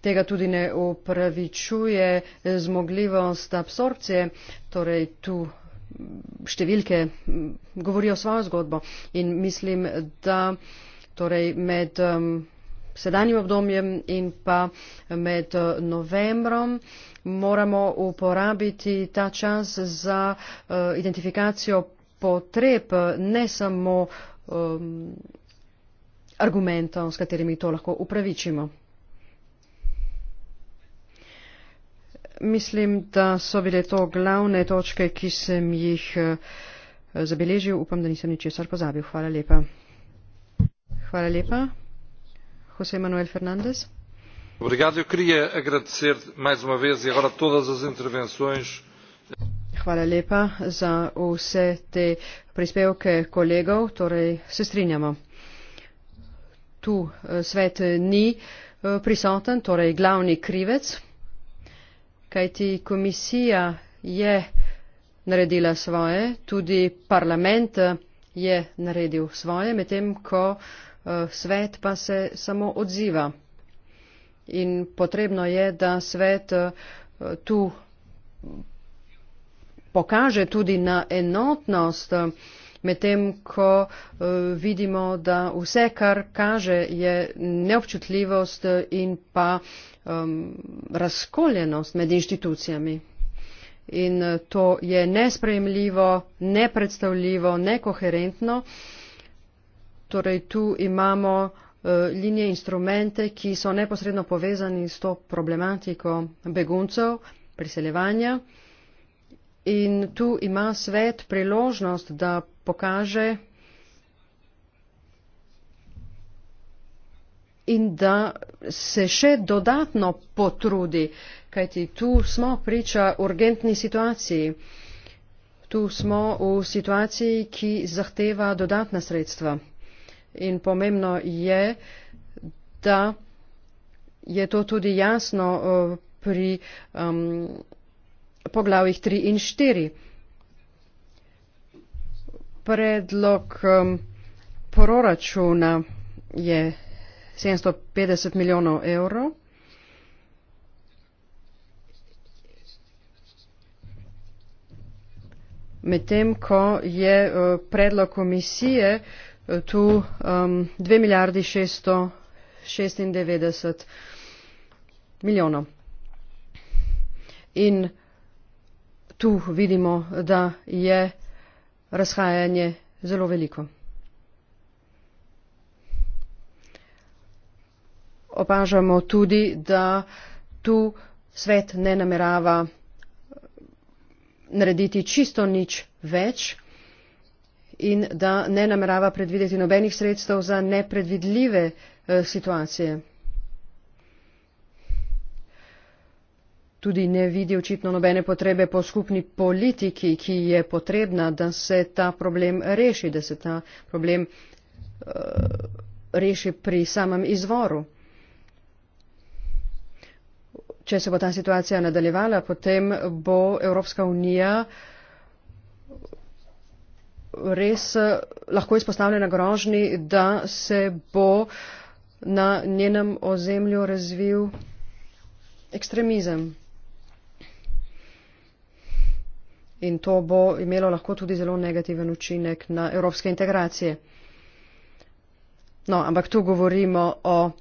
tega tudi ne upravičuje eh, zmogljivost absorpcije, torej tu mm, številke mm, govorijo svojo zgodbo in mislim, da torej med um, sedanjim obdobjem in pa med eh, novembrom moramo uporabiti ta čas za eh, identifikacijo potreb, ne samo um, argumentov, s katerimi to lahko upravičimo. Mislim, da so bile to glavne točke, ki sem jih eh, zabeležil. Upam, da nisem ničesar pozabil. Hvala lepa. Hvala lepa. José Manuel Fernandes. Obrigado. Eu queria agradecer mais uma vez e agora todas as intervenções. Hvala lepa za vse te prispevke kolegov, torej se strinjamo. Tu eh, svet eh, ni eh, prisoten, torej glavni krivec, kajti komisija je naredila svoje, tudi parlament je naredil svoje, medtem ko uh, Eh, svet pa se samo odziva. In potrebno je, da svet eh, tu pokaže tudi na enotnost, eh, medtem ko vidimo, da vse, kar kaže, je neobčutljivost in pa um, razkoljenost med inštitucijami. In to je nespremljivo, nepredstavljivo, nekoherentno. Uh, torej tu imamo eh, linije instrumente, ki so neposredno povezani s to problematiko beguncev, priseljevanja. In tu ima svet priložnost, da pokaže in da se še dodatno potrudi, kajti tu smo priča urgentni situaciji. Tu smo v situaciji, ki zahteva dodatna sredstva in pomembno je, da je to tudi jasno uh, pri um, poglavjih 3 in 4. Predlog um, proračuna je 750 milijonov evrov. Medtem, ko je uh, predlog komisije uh, tu um, 2 milijardi 696 milijonov. In tu vidimo, da je razhajanje zelo veliko. Opažamo tudi, da tu svet ne namerava narediti čisto nič več in da ne namerava predvideti nobenih sredstev za nepredvidljive eh, situacije. Tudi ne vidi očitno nobene potrebe po skupni politiki, ki je potrebna, da se ta problem reši, da se ta problem eh, reši pri samem izvoru. Če se bo ta situacija nadaljevala, potem bo Evropska unija uh, res eh, lahko izpostavljena grožni, da se bo na njenem ozemlju razvil ekstremizem. In to bo imelo lahko tudi zelo negativen učinek na evropske integracije. No, ampak tu govorimo o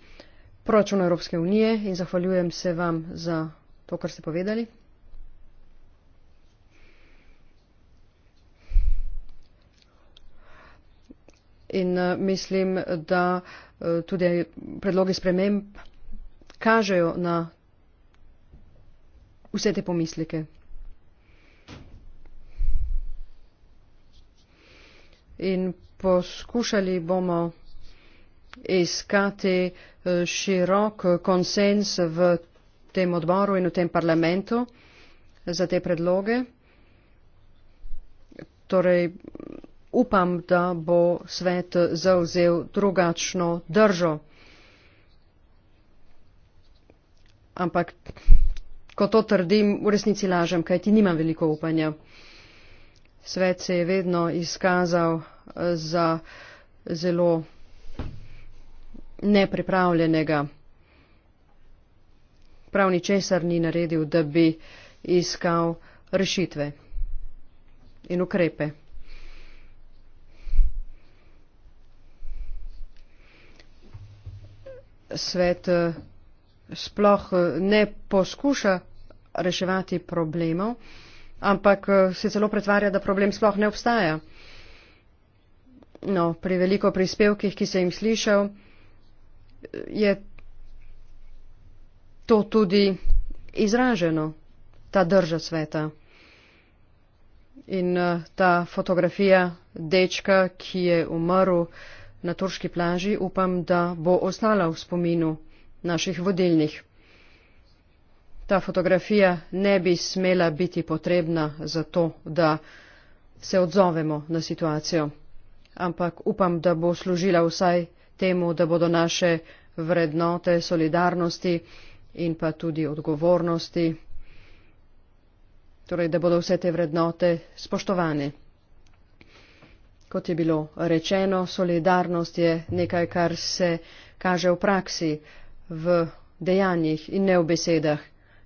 proračunu Evropske unije in zahvaljujem se vam za to, kar ste povedali. in eh, mislim, da eh, tudi predlogi sprememb kažejo na vse te pomislike. In poskušali bomo iskati eh, širok konsens v tem odboru in v tem parlamentu za te predloge. Torej, upam, da bo svet zauzel drugačno držo. Ampak, ko to trdim, v resnici lažem, kaj ti nimam veliko upanja. Svet se je vedno izkazal eh, za zelo nepripravljenega. Pravni česar ni naredil, da bi iskal rešitve in ukrepe. svet eh, sploh eh, ne poskuša reševati problemov, ampak eh, se celo pretvarja, da problem sploh ne obstaja. No, pri veliko prispevkih, ki sem jih slišal, je to tudi izraženo, ta drža sveta. In ta fotografija dečka, ki je umrl, na turški plaži upam, da bo ostala v spominu naših vodilnih. Ta fotografija ne bi smela biti potrebna za to, da se odzovemo na situacijo, ampak upam, da bo služila vsaj temu, da bodo naše vrednote solidarnosti in pa tudi odgovornosti, torej da bodo vse te vrednote spoštovane. Kot je bilo rečeno, solidarnost je nekaj, kar se kaže v praksi, v dejanjih in ne v besedah.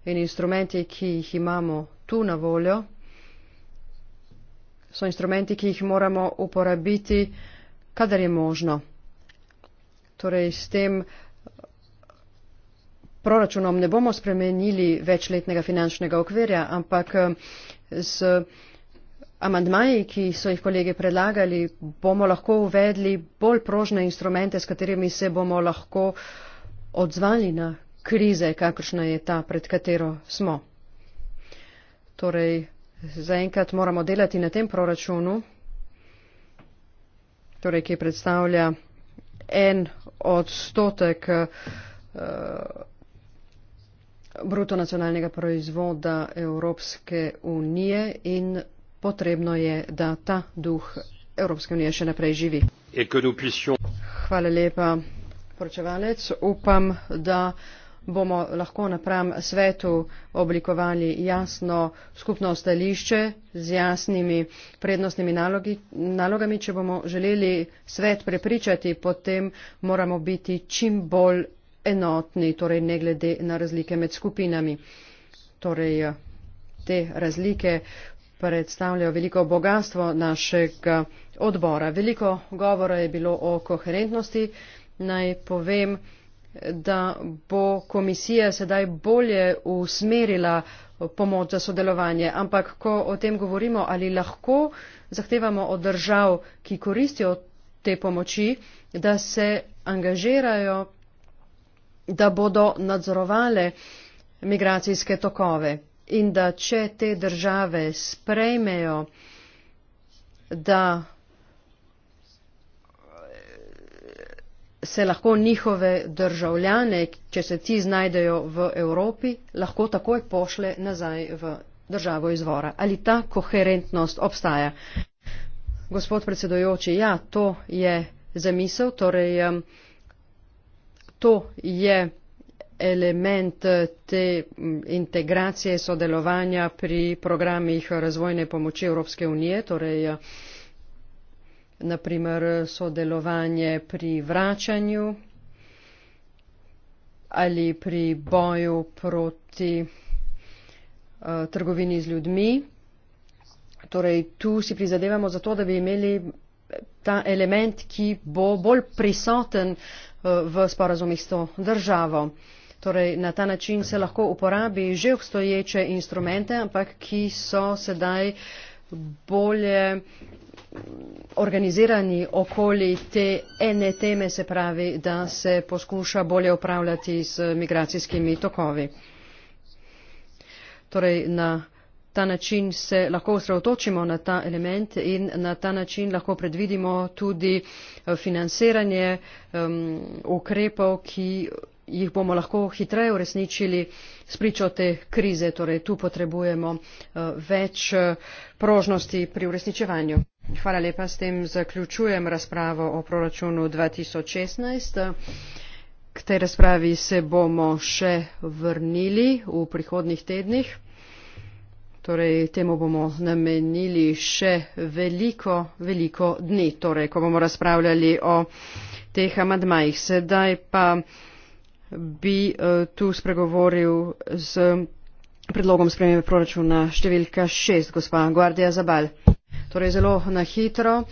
In instrumenti, ki jih imamo tu na voljo, so instrumenti, ki jih moramo uporabiti, kadar je možno. Torej, s tem eh, proračunom ne bomo spremenili večletnega finančnega okvirja, ampak eh, z amandmaji, ki so jih kolege predlagali, bomo lahko uvedli bolj prožne instrumente, s katerimi se bomo lahko odzvali na krize, kakršna je ta, pred katero smo. Torej, zaenkrat moramo delati na tem proračunu, torej, ki predstavlja en odstotek eh, bruto nacionalnega proizvoda Evropske unije in potrebno je, da ta duh Evropske unije še naprej živi. Hvala lepa, poročevalec. Upam, da bomo lahko napram svetu oblikovali jasno skupno stališče z jasnimi prednostnimi nalogi, nalogami. Če bomo želeli svet prepričati, potem moramo biti čim bolj enotni, torej ne glede na razlike med skupinami. Torej, te razlike predstavljajo veliko bogatstvo našega odbora. Veliko govora je bilo o koherentnosti. Naj povem, da bo komisija sedaj bolje usmerila pomoč za sodelovanje. Ampak, ko o tem govorimo, ali lahko zahtevamo od držav, ki koristijo te pomoči, da se angažirajo, da bodo nadzorovale migracijske tokove in da če te države sprejmejo, da se lahko njihove državljane, če se ti znajdejo v Evropi, lahko takoj pošle nazaj v državo izvora. Ali ta koherentnost obstaja? Gospod predsedojoči, ja, to je zamisel, torej to je element eh, te mm, integracije sodelovanja pri programih razvojne pomoči evropske unije torej eh, na primer sodelovanje pri vračanju ali pri boju proti eh, trgovini z ljudmi. Torej, tu si prizadevamo za to, da bi imeli ta element, ki bo bolj prisoten v sporazumih s to državo. Torej, na ta način se lahko uporabi že obstoječe instrumente, ampak ki so sedaj bolje organizirani okoli te ene teme, se pravi, da se poskuša bolje upravljati z migracijskimi tokovi. Torej, na ta način se lahko osredotočimo na ta element in na ta način lahko predvidimo tudi eh, financiranje um, ukrepov, ki jih bomo lahko hitreje uresničili spričo te krize. Torej, tu potrebujemo eh, več eh, prožnosti pri uresničevanju. Hvala lepa, s tem zaključujem razpravo o proračunu 2016. K tej razpravi se bomo še vrnili v prihodnih tednih. Torej, temu bomo namenili še veliko, veliko dni, torej, ko bomo razpravljali o teh amadmajih. Sedaj pa bi eh, tu spregovoril z predlogom spremembe proračuna številka šest gospa Guardia Zabal. Torej zelo na hitro,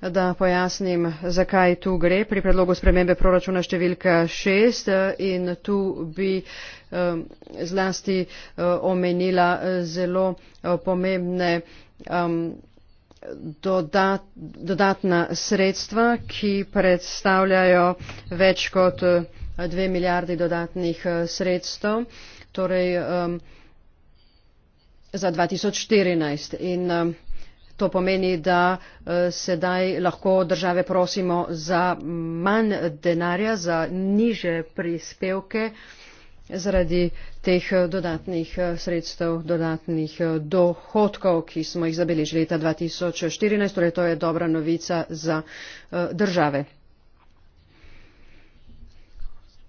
da pojasnim, zakaj tu gre pri predlogu spremembe proračuna številka šest eh, in tu bi eh, zlasti omenila zelo pomembne dodatna sredstva, ki predstavljajo več kot dve milijardi dodatnih eh, sredstev torej um, za 2014 in um, to pomeni, da uh, sedaj lahko države prosimo za manj denarja, za niže prispevke zaradi teh eh, dodatnih sredstev, dodatnih dohodkov, ki smo jih zabeležili leta 2014, torej to je dobra novica za države.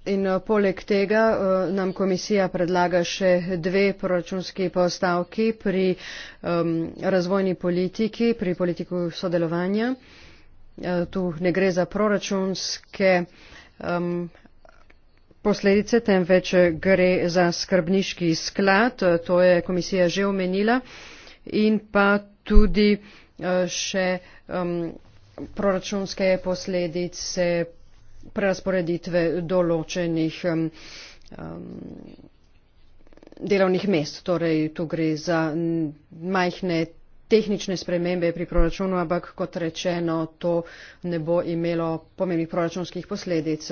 In eh, poleg tega eh, nam komisija predlaga še dve proračunski postavki pri um, razvojni politiki, pri politiku sodelovanja. Eh, tu ne gre za proračunske um, posledice, temveč gre za skrbniški sklad, to je komisija že omenila, in pa tudi še um, proračunske posledice prerasporeditve določenih um, delovnih mest. Torej, tu gre za majhne tehnične spremembe pri proračunu, ampak kot rečeno, to ne bo imelo pomembnih proračunskih posledic.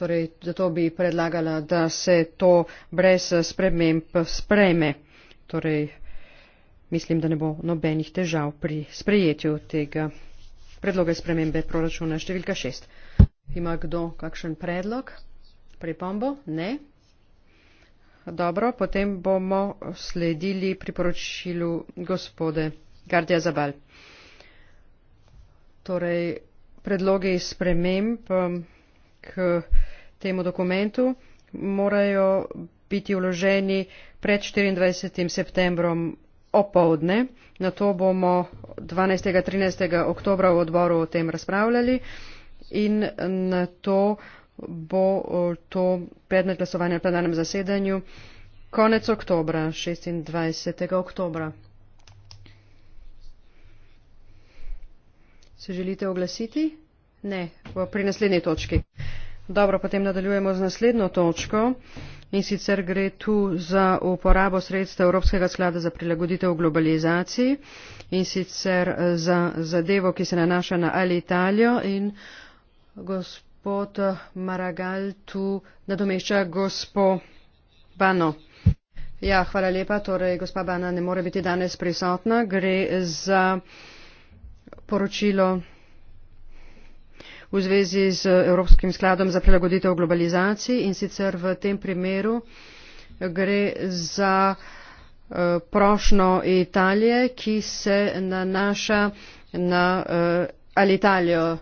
Torej, zato bi predlagala, da se to brez sprememb spreme. Torej, mislim, da ne bo nobenih težav pri sprejetju tega predloga spremembe proračuna številka šest. Ima kdo kakšen predlog? Pripombo? Ne? Dobro, potem bomo sledili priporočilu gospode Gardia Zabal. Torej, predloge iz sprememb um, k temu dokumentu morajo biti vloženi pred 24. septembrom opovdne. Na to bomo 12. in 13. oktobra v odboru o tem razpravljali in na to bo to predmet glasovanja v plenarnem zasedanju konec oktobra, 26. oktobra. Se želite oglasiti? Ne, pri naslednji točki. Dobro, potem nadaljujemo z naslednjo točko in sicer gre tu za uporabo sredstev Evropskega sklada za prilagoditev globalizaciji in sicer eh, za zadevo, ki se nanaša na Ali Italijo in uh, gospod Maragal tu nadomešča gospo Bano. Ja, hvala lepa. Torej, gospa Bana ne more biti danes prisotna. Gre za poročilo v zvezi z Evropskim skladom za prilagoditev globalizaciji in sicer v tem primeru gre za eh, prošno Italije, ki se nanaša na eh, Alitalijo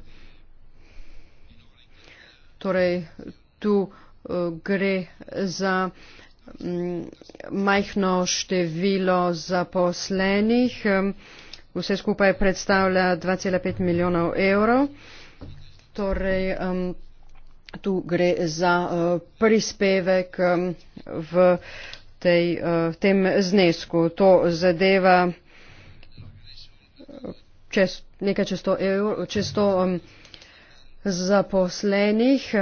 torej, eh, mm, torej tu gre za majhno število zaposlenih. Vse skupaj predstavlja 2,5 milijonov evrov. Torej, tu gre za prispevek v tej, eh, tem znesku. To zadeva eh, čez, nekaj čez 100 evrov zaposlenih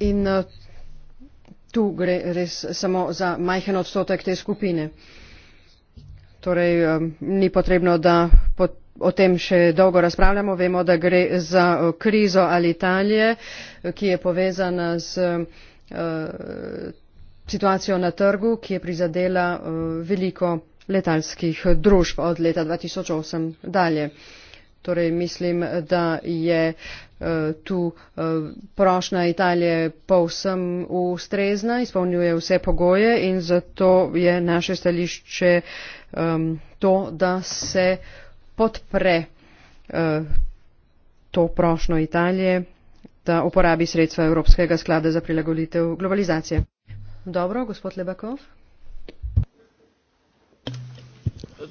in eh, tu gre res samo za majhen odstotek te skupine. Torej, eh, ni potrebno, da o tem še dolgo razpravljamo. Vemo, da gre za eh, krizo Alitalije, ki je povezana z situacijo na trgu, ki je prizadela veliko letalskih družb od leta 2008 dalje. Torej mislim, da je eh, tu eh, prošnja Italije povsem ustrezna, izpolnjuje vse pogoje in zato je naše stališče ehm, to, da se podpre eh, to prošnjo Italije, da uporabi sredstva Evropskega sklada za prilagoditev globalizacije. Dobro, gospod Lebakov. Eh,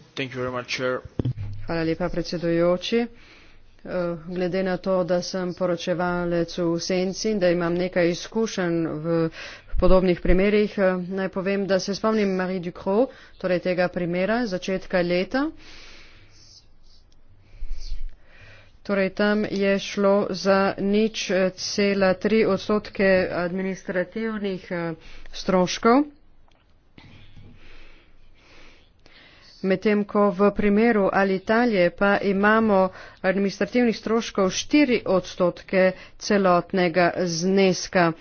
glede na to da sem poročevalec v senci in da imam nekaj izkušenj v podobnih primerih eh, naj povem da se spomnim marie ducrot torej tega primera začetka leta Torej, tam je šlo za nič eh, cela tri odstotke administrativnih stroškov. medtem ko v primeru Alitalije pa imamo administrativnih stroškov 4 odstotke celotnega zneska,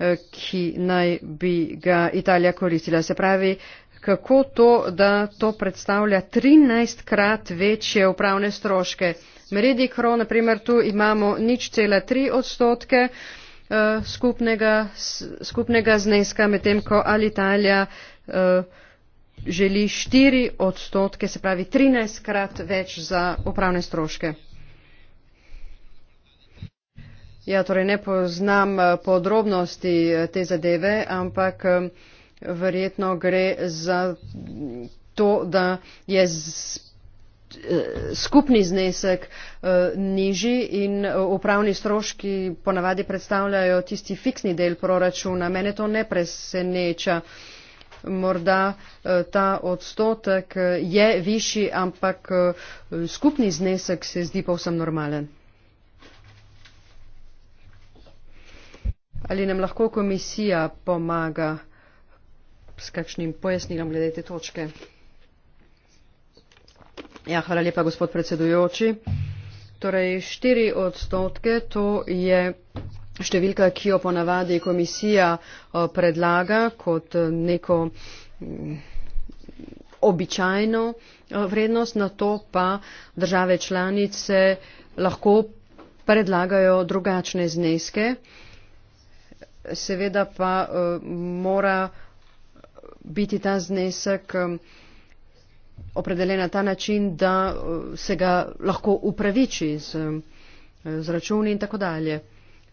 eh, ki naj bi ga Italija koristila. Se pravi, kako to, da to predstavlja 13 krat večje upravne stroške. Meridikro, na primer, tu imamo nič cela 3 odstotke. Eh, skupnega, skupnega zneska, medtem ko Alitalija uh, želi štiri odstotke, se pravi trinajstkrat več za upravne stroške. Ja, torej ne poznam eh, podrobnosti eh, te zadeve, ampak eh, verjetno gre za to, da je skupni znesek nižji in upravni stroški ponavadi predstavljajo tisti fiksni del proračuna. Mene to ne preseneča morda eh, ta odstotek eh, je višji, ampak eh, skupni znesek se zdi povsem normalen. Ali nam lahko komisija pomaga s kakšnim pojasnilom glede te točke? Ja, hvala lepa, gospod predsedujoči. Torej, 4 odstotke, to je številka, ki jo ponavadi komisija eh, predlaga kot eh, neko mm, običajno eh, vrednost, na to pa države članice lahko predlagajo drugačne zneske. Seveda pa mora biti ta znesek opredeljena ta način, da se ga lahko upraviči z, z računi in tako dalje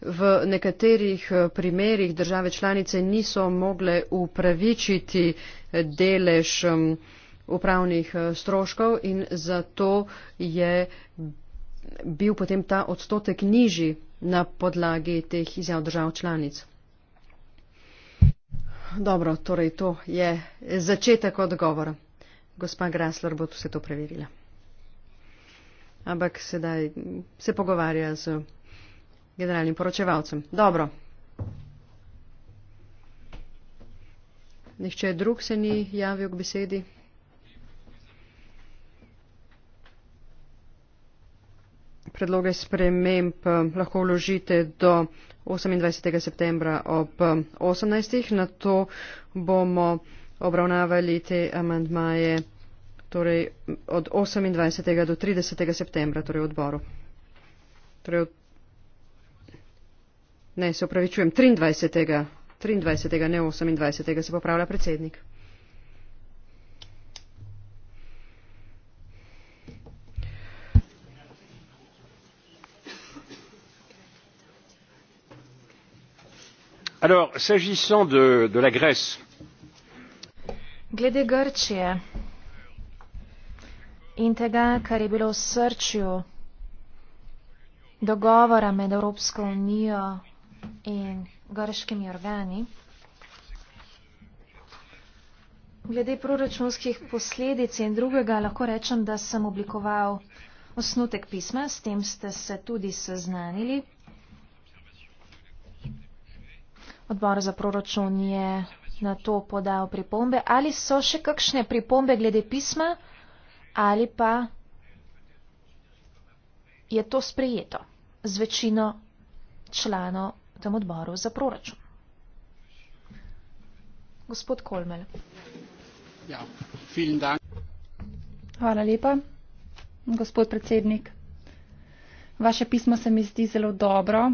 v nekaterih eh, primerjih države članice niso mogle upravičiti eh, delež upravnih eh, stroškov in zato je bil potem ta odstotek nižji na podlagi teh izjav držav članic. Dobro, torej to je začetek odgovora. Gospa Grasler bo to vse to preverila. Ampak sedaj se pogovarja z generalnim poročevalcem. Dobro. Nihče drug se ni javil k besedi. Predloge sprememb eh, lahko vložite do 28. septembra ob 18. Eh, Na to bomo obravnavali te amantmaje torej od 28. do 30. septembra, torej odboru. Torej od ne, se opravičujem, 23. 23. ne 28. se popravlja predsednik. Alors, s'agissant de, de la Grèce, Glede Grčije, in grškimi organi. Glede proračunskih posledic in drugega lahko rečem, da sem oblikoval osnutek pisma, s tem ste se tudi seznanili. Odbor za proračun je na to podal pripombe. Ali so še kakšne pripombe glede pisma ali pa je to sprejeto z večino članov v tem odboru za proračun. Gospod Kolmel. Ja, dan. Hvala lepa, gospod predsednik. Vaše pismo se mi zdi zelo dobro,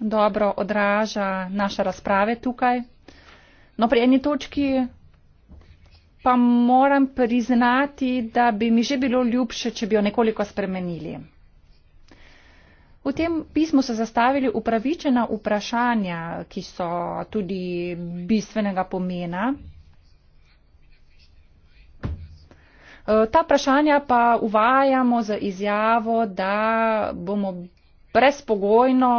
dobro odraža naše razprave tukaj. No, pri eni točki pa moram priznati, da bi mi že bilo ljubše, če bi jo nekoliko spremenili. V tem pismu so zastavili upravičena vprašanja, ki so tudi bistvenega pomena. E, ta vprašanja pa uvajamo z izjavo, da bomo brezpogojno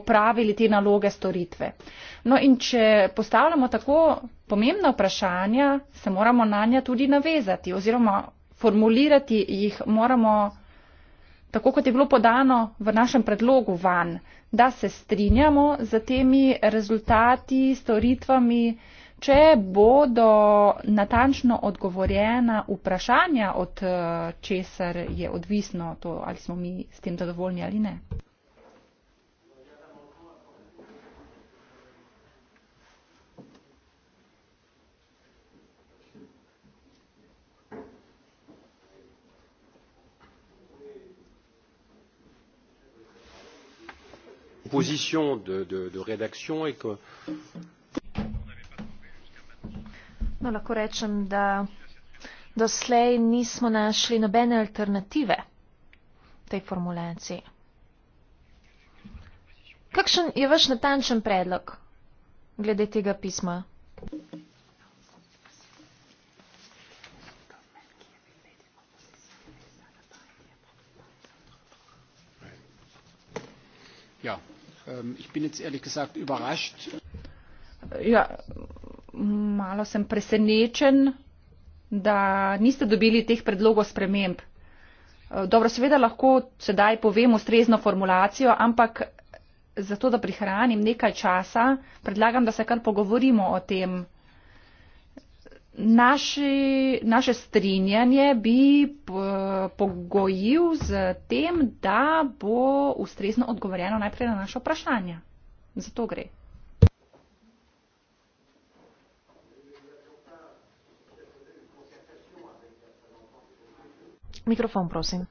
opravili te naloge storitve. No in če postavljamo tako pomembna vprašanja, se moramo na nja tudi navezati oziroma formulirati jih moramo tako kot je bilo podano v našem predlogu van, da se strinjamo z temi rezultati, storitvami, če bodo natančno odgovorjena vprašanja, od eh, česar je odvisno to, ali smo mi s tem zadovoljni ali ne. proposition de, de, de rédaction et que. No, lahko rečem, da doslej nismo našli nobene alternative tej formulaciji. Kakšen je vaš natančen predlog glede tega pisma? Ja. Ähm, ich bin jetzt ehrlich gesagt überrascht. Ja, malo sem presenečen, da niste dobili teh predlogov sprememb. Äh, dobro, seveda lahko sedaj povem ustrezno formulacijo, ampak zato, da prihranim nekaj časa, predlagam, da se kar pogovorimo o tem naši, naše strinjanje bi eh, pogojil z tem, da bo ustrezno odgovorjeno najprej na naše vprašanje. Zato gre. Mikrofon, prosim.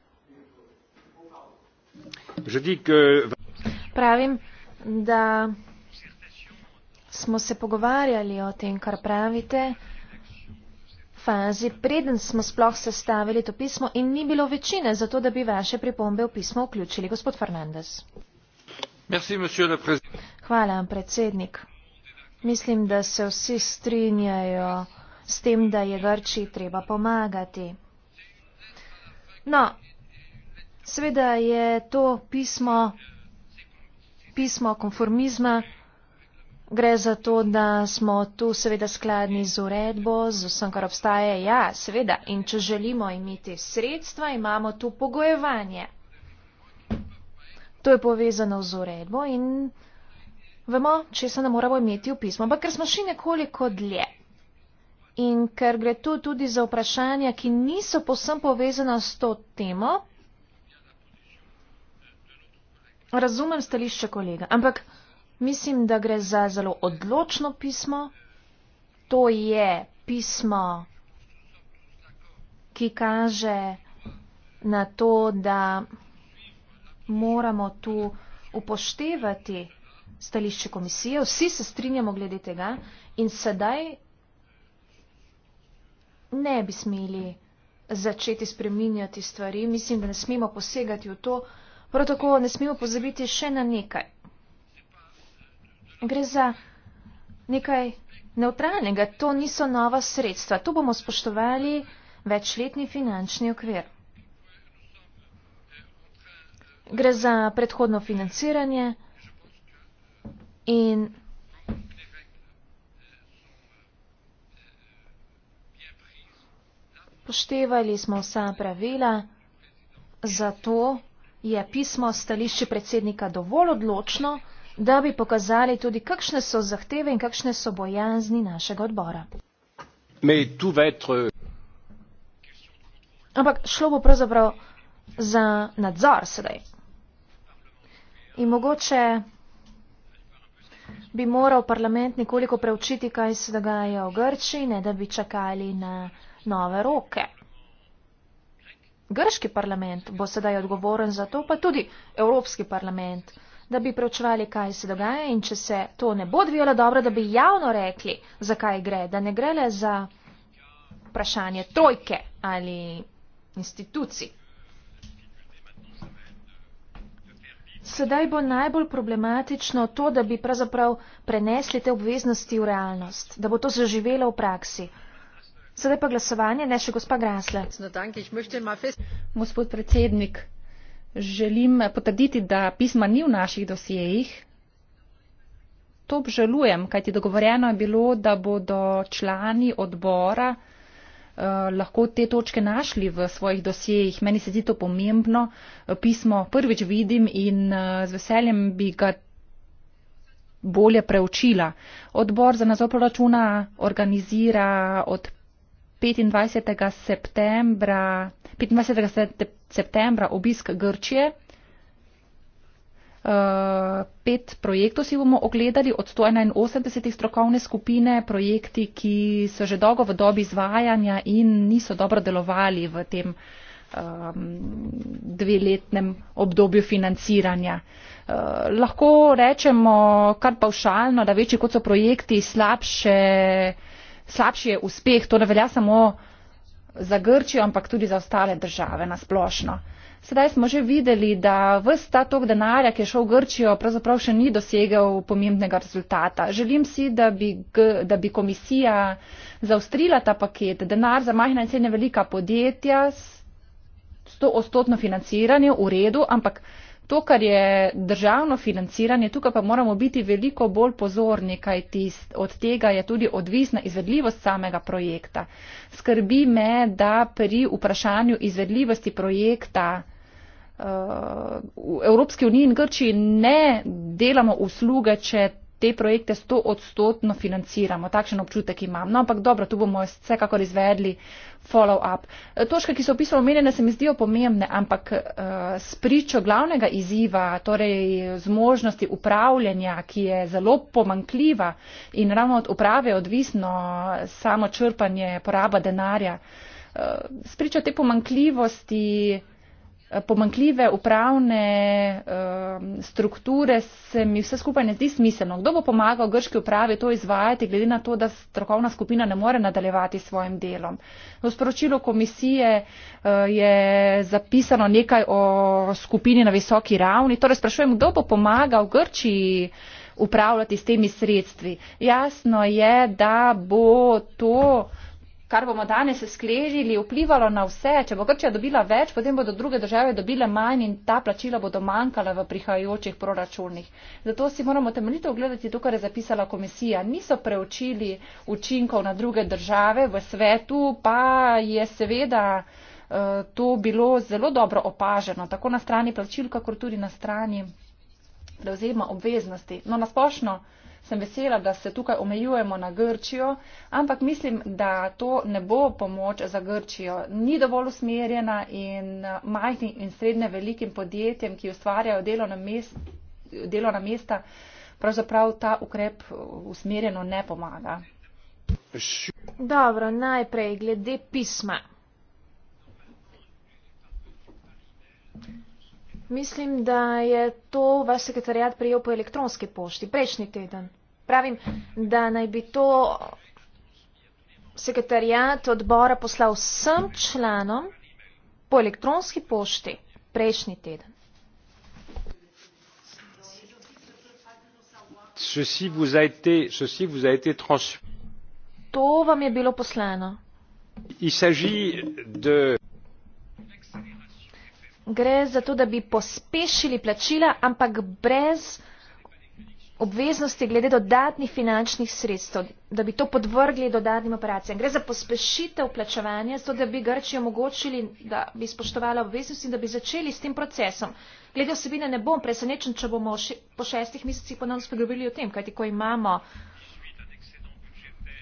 Pravim, da smo se pogovarjali o tem, kar pravite fazi, preden smo sploh sestavili to pismo in ni bilo večine za to, da bi vaše pripombe v pismo vključili. Gospod Fernandez. Hvala, predsednik. Mislim, da se vsi strinjajo s tem, da je Grči treba pomagati. No, seveda je to pismo, pismo konformizma, Gre za to, da smo tu seveda skladni z uredbo, z vsem, kar obstaja. Ja, seveda. In če želimo imeti sredstva, imamo tu pogojevanje. To je povezano z uredbo in vemo, če se ne moramo imeti v pismo. Ampak ker smo še nekoliko dlje in ker gre tu tudi za vprašanja, ki niso posem povezana s to temo, razumem stališče kolega. Ampak. Mislim, da gre za zelo odločno pismo. To je pismo, ki kaže na to, da moramo tu upoštevati stališče komisije. Vsi se strinjamo glede tega in sedaj ne bi smeli začeti spreminjati stvari. Mislim, da ne smemo posegati v to. Prav tako ne smemo pozabiti še na nekaj gre za nekaj neutralnega, to niso nova sredstva, to bomo spoštovali večletni finančni okvir. Gre za predhodno financiranje in poštevali smo vsa pravila, zato je pismo stališče predsednika dovolj odločno, da bi pokazali tudi, kakšne so zahteve in kakšne so bojazni našega odbora. Euh, Ampak šlo bo pravzaprav za nadzor sedaj. In mogoče bi moral parlament nekoliko preučiti, kaj se dogaja v Grčiji, ne da bi čakali na nove roke. Grški parlament bo sedaj odgovoren za to, pa tudi Evropski parlament da bi preučevali, kaj se dogaja in če se to ne bo odvijalo dobro, da bi javno rekli, zakaj gre, da ne gre le za vprašanje trojke ali institucij. Sedaj bo najbolj problematično to, da bi pravzaprav prenesli te obveznosti v realnost, da bo to zaživelo v praksi. Sedaj pa glasovanje, ne še gospa Grasla. No, Gospod predsednik, želim potrditi, da pisma ni v naših dosjejih. To obžalujem, kajti dogovorjeno je bilo, da bodo člani odbora eh, lahko te točke našli v svojih dosjejih. Meni se zdi to pomembno. Eh, pismo prvič vidim in eh, z veseljem bi ga bolje preučila. Odbor za nazor proračuna organizira od 25. septembra, 25. septembra septembra obisk Grčije. Uh, pet projektov si bomo ogledali od 181 strokovne skupine, projekti, ki so že dolgo v dobi izvajanja in niso dobro delovali v tem um, dveletnem obdobju financiranja. Uh, lahko rečemo kar pavšalno, da večji kot so projekti, slabše, slabši je uspeh. To ne velja samo uh, za Grčijo, ampak tudi za ostale države nasplošno. Sedaj smo že videli, da vse ta tok denarja, ki je šel v Grčijo, pravzaprav še ni dosegel pomembnega rezultata. Želim si, da bi, da bi komisija zaustrila ta paket. Denar za majhna in srednja velika podjetja s 100-odstotno financiranje, v redu, ampak To, kar je državno financiranje, tukaj pa moramo biti veliko bolj pozorni, kaj tist, od tega je tudi odvisna izvedljivost samega projekta. Skrbi me, da pri vprašanju izvedljivosti projekta uh, v Evropski uniji in Grčiji ne delamo usluge, če te projekte sto odstotno financiramo. Takšen občutek imam. No, ampak dobro, tu bomo vsekakor izvedli follow-up. E, točke, ki so opisano omenjene, se mi zdijo pomembne, ampak uh, e, s pričo glavnega izziva, torej zmožnosti upravljanja, ki je zelo pomankljiva in ravno od uprave odvisno samo črpanje, poraba denarja, uh, e, s pričo te pomankljivosti pomankljive upravne eh, strukture se mi vse skupaj ne zdi smiselno. Kdo bo pomagal grški upravi to izvajati, glede na to, da strokovna skupina ne more nadaljevati s svojim delom? V sporočilu komisije eh, je zapisano nekaj o skupini na visoki ravni. Torej sprašujem, kdo bo pomagal Grčiji upravljati s temi sredstvi. Jasno je, da bo to kar bomo danes sklerili, vplivalo na vse. Če bo Grčija dobila več, potem bodo druge države dobile manj in ta plačila bodo manjkala v prihajajočih proračunih. Zato si moramo temeljito ogledati to, kar je zapisala komisija. Niso preučili učinkov na druge države v svetu, pa je seveda eh, to bilo zelo dobro opaženo, tako na strani plačil, kakor tudi na strani prevzema obveznosti. No, nasplošno sem vesela, da se tukaj omejujemo na Grčijo, ampak mislim, da to ne bo pomoč za Grčijo. Ni dovolj usmerjena in eh, majhnim in srednje velikim podjetjem, ki ustvarjajo delovna mest, mesta, pravzaprav ta ukrep eh, usmerjeno ne pomaga. Dobro, najprej glede pisma. Mislim, da je to vaš sekretarjat prijel po elektronski pošti prejšnji teden. Pravim, da naj bi to sekretarijat odbora poslal vsem članom po elektronski pošti prejšnji teden. To vam je bilo poslano. Gre za to, da bi pospešili plačila, ampak brez plačila obveznosti glede dodatnih finančnih sredstev, da bi to podvrgli dodatnim operacijam. Gre za pospešitev plačevanja, zato da bi Grčijo omogočili, da bi spoštovala obveznosti in da bi začeli s tem procesom. Glede osebine ne bom presenečen, če bomo po šestih mesecih ponovno spregovorili o tem, kajti ko imamo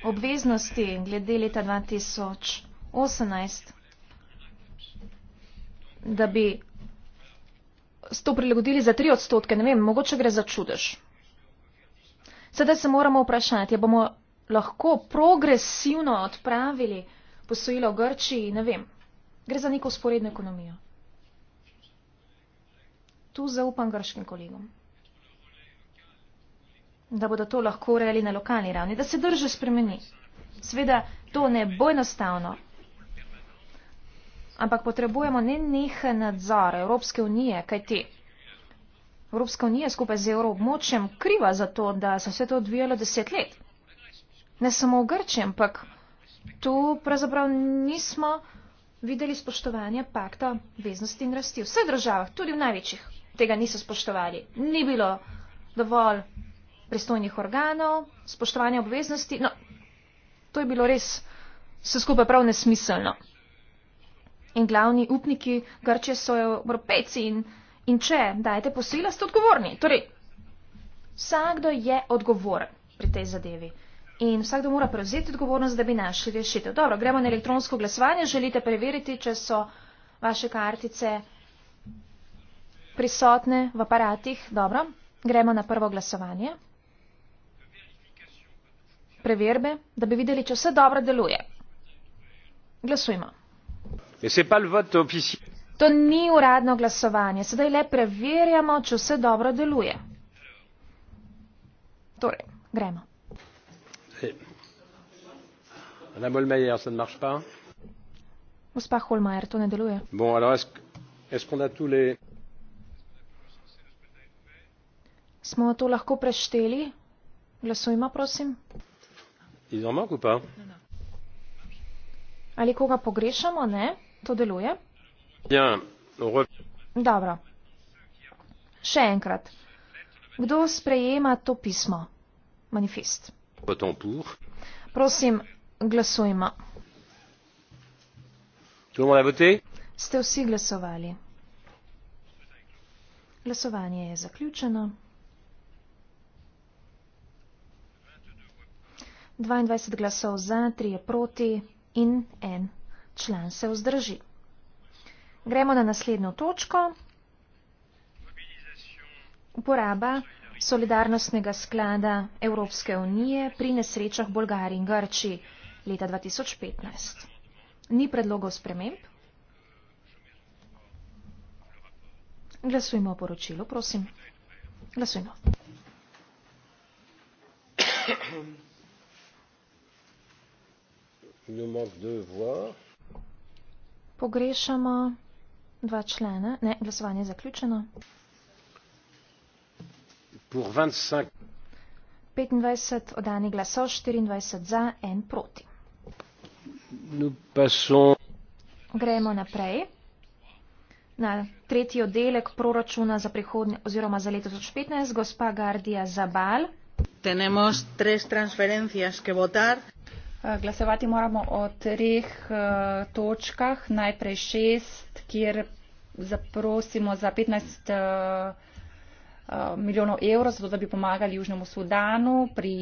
obveznosti glede leta 2018, da bi to prilagodili za tri odstotke, ne vem, mogoče gre za čudež. Sedaj se moramo vprašati, bomo lahko progresivno odpravili posojilo v Grčiji, ne vem. Gre za neko sporedno ekonomijo. Tu zaupam grškim kolegom, da bodo to lahko urejali na lokalni ravni, da se drže spremeni. Sveda, to ne bo enostavno, ampak potrebujemo ne nehe nadzor Evropske unije, kaj ti. Evropska unija skupaj z evroobmočjem kriva za to, da so se to odvijalo deset let. Ne samo v Grčiji, ampak tu pravzaprav nismo videli spoštovanja pakta veznosti in rasti. V vseh državah, tudi v največjih, tega niso spoštovali. Ni bilo dovolj pristojnih organov, spoštovanja obveznosti. No, to je bilo res vse skupaj prav nesmiselno. In glavni upniki Grčije so evropejci in evropejci. In če dajete posojila, ste odgovorni. Torej, vsakdo je odgovoren pri tej zadevi. In vsakdo mora prevzeti odgovornost, da bi našli rešitev. Dobro, gremo na elektronsko glasovanje. Želite preveriti, če so vaše kartice prisotne v aparatih. Dobro, gremo na prvo glasovanje. Preverbe, da bi videli, če vse dobro deluje. Glasujmo. To ni uradno glasovanje, sedaj le preverjamo, če vse dobro deluje. Torej, gremo. Madame Holmeyer, ça ne marche pas. Gospa Holmeyer, to ne deluje. Bon, alors est-ce est qu'on a tous les. Smo to lahko prešteli? Glasujmo, prosim. Ali koga pogrešamo? Ne, to deluje. Ja, Dobro. Še enkrat. Kdo sprejema to pismo? Manifest. Prosim, glasujmo. Ste vsi glasovali? Glasovanje je zaključeno. 22 glasov za, 3 proti in en član se vzdrži. Gremo na naslednjo točko. Uporaba solidarnostnega sklada Evropske unije pri nesrečah Bolgariji in Grčiji leta 2015. Ni predlogov sprememb. Glasujmo o poročilu, prosim. Glasujmo. Pogrešamo Dva člena. Ne, glasovanje je zaključeno. 25 odani glasov, 24 za, 1 proti. Gremo naprej na tretji oddelek proračuna za prihodnje oziroma za leto 2015, gospa Gardija Zabal. Glasovati moramo o treh eh, točkah. Najprej šest, kjer zaprosimo za 15 eh, eh, milijonov evrov, zato da bi pomagali Južnemu Sudanu pri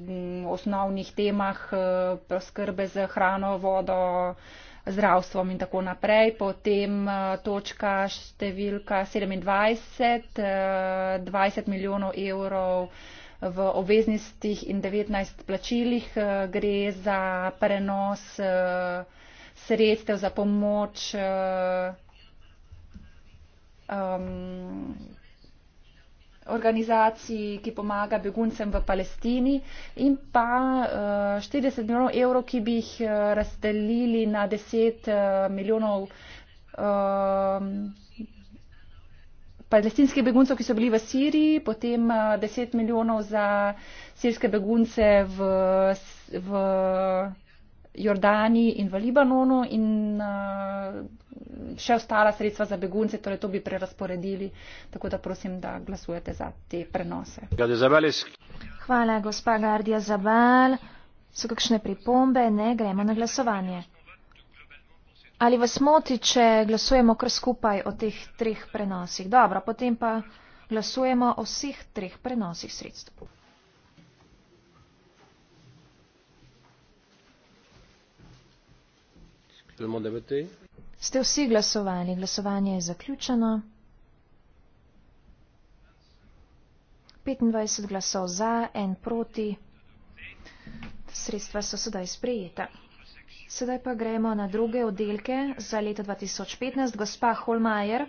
mm, osnovnih temah skrbe z hrano, vodo, zdravstvom in tako naprej. Potem točka številka 27, 20 milijonov evrov v obveznostih in 19 plačilih. Eh, gre za prenos eh, sredstev za pomoč um, organizaciji, ki pomaga beguncem v Palestini in pa uh, 40 milijonov evrov, ki bi jih razdelili na 10 milijonov. Um, palestinskih beguncev, ki so bili v Siriji, potem 10 eh, milijonov za sirske begunce v, v Jordani in v Libanonu in eh, še ostala sredstva za begunce, torej to bi prerasporedili. Tako da prosim, da glasujete za te prenose. Hvala, gospa Gardija Zabal. So kakšne pripombe? Ne, gremo na glasovanje. Ali vas moti, če glasujemo kar skupaj o teh treh prenosih? Dobro, potem pa glasujemo o vseh treh prenosih sredstv. Ste vsi glasovali? Glasovanje je zaključeno. 25 glasov za, en proti. Sredstva so sedaj sprejeta. Sedaj pa gremo na druge oddelke za leto 2015. Gospa Holmajer,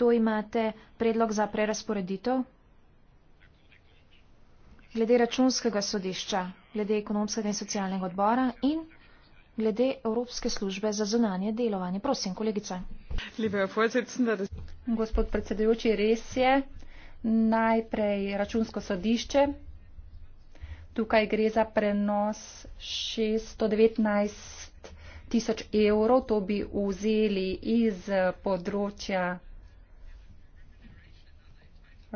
tu imate predlog za prerasporeditev. Glede računskega sodišča, glede ekonomskega in socialnega odbora in glede Evropske službe za zunanje delovanje. Prosim, kolegica. Gospod predsedujoči, res je. Najprej računsko sodišče. Tukaj gre za prenos 619 tisoč evrov, to bi vzeli iz področja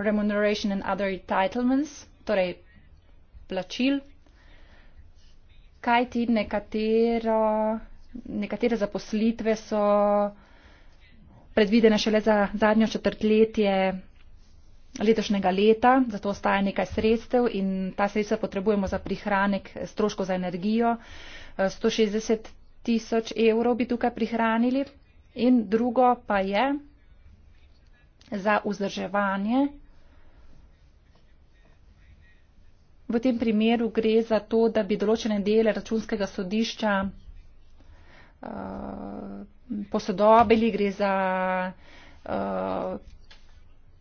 Remuneration and Other Entitlements, torej plačil, kajti nekatero, nekatere zaposlitve so predvidene šele za zadnjo četrtletje letošnjega leta, zato ostaja nekaj sredstev in ta sredstva potrebujemo za prihranek stroško za energijo. 160 eh, tisoč evrov bi tukaj prihranili. In drugo pa je za vzdrževanje. V tem primeru gre za to, da bi določene dele računskega sodišča uh, posodobili, gre za uh,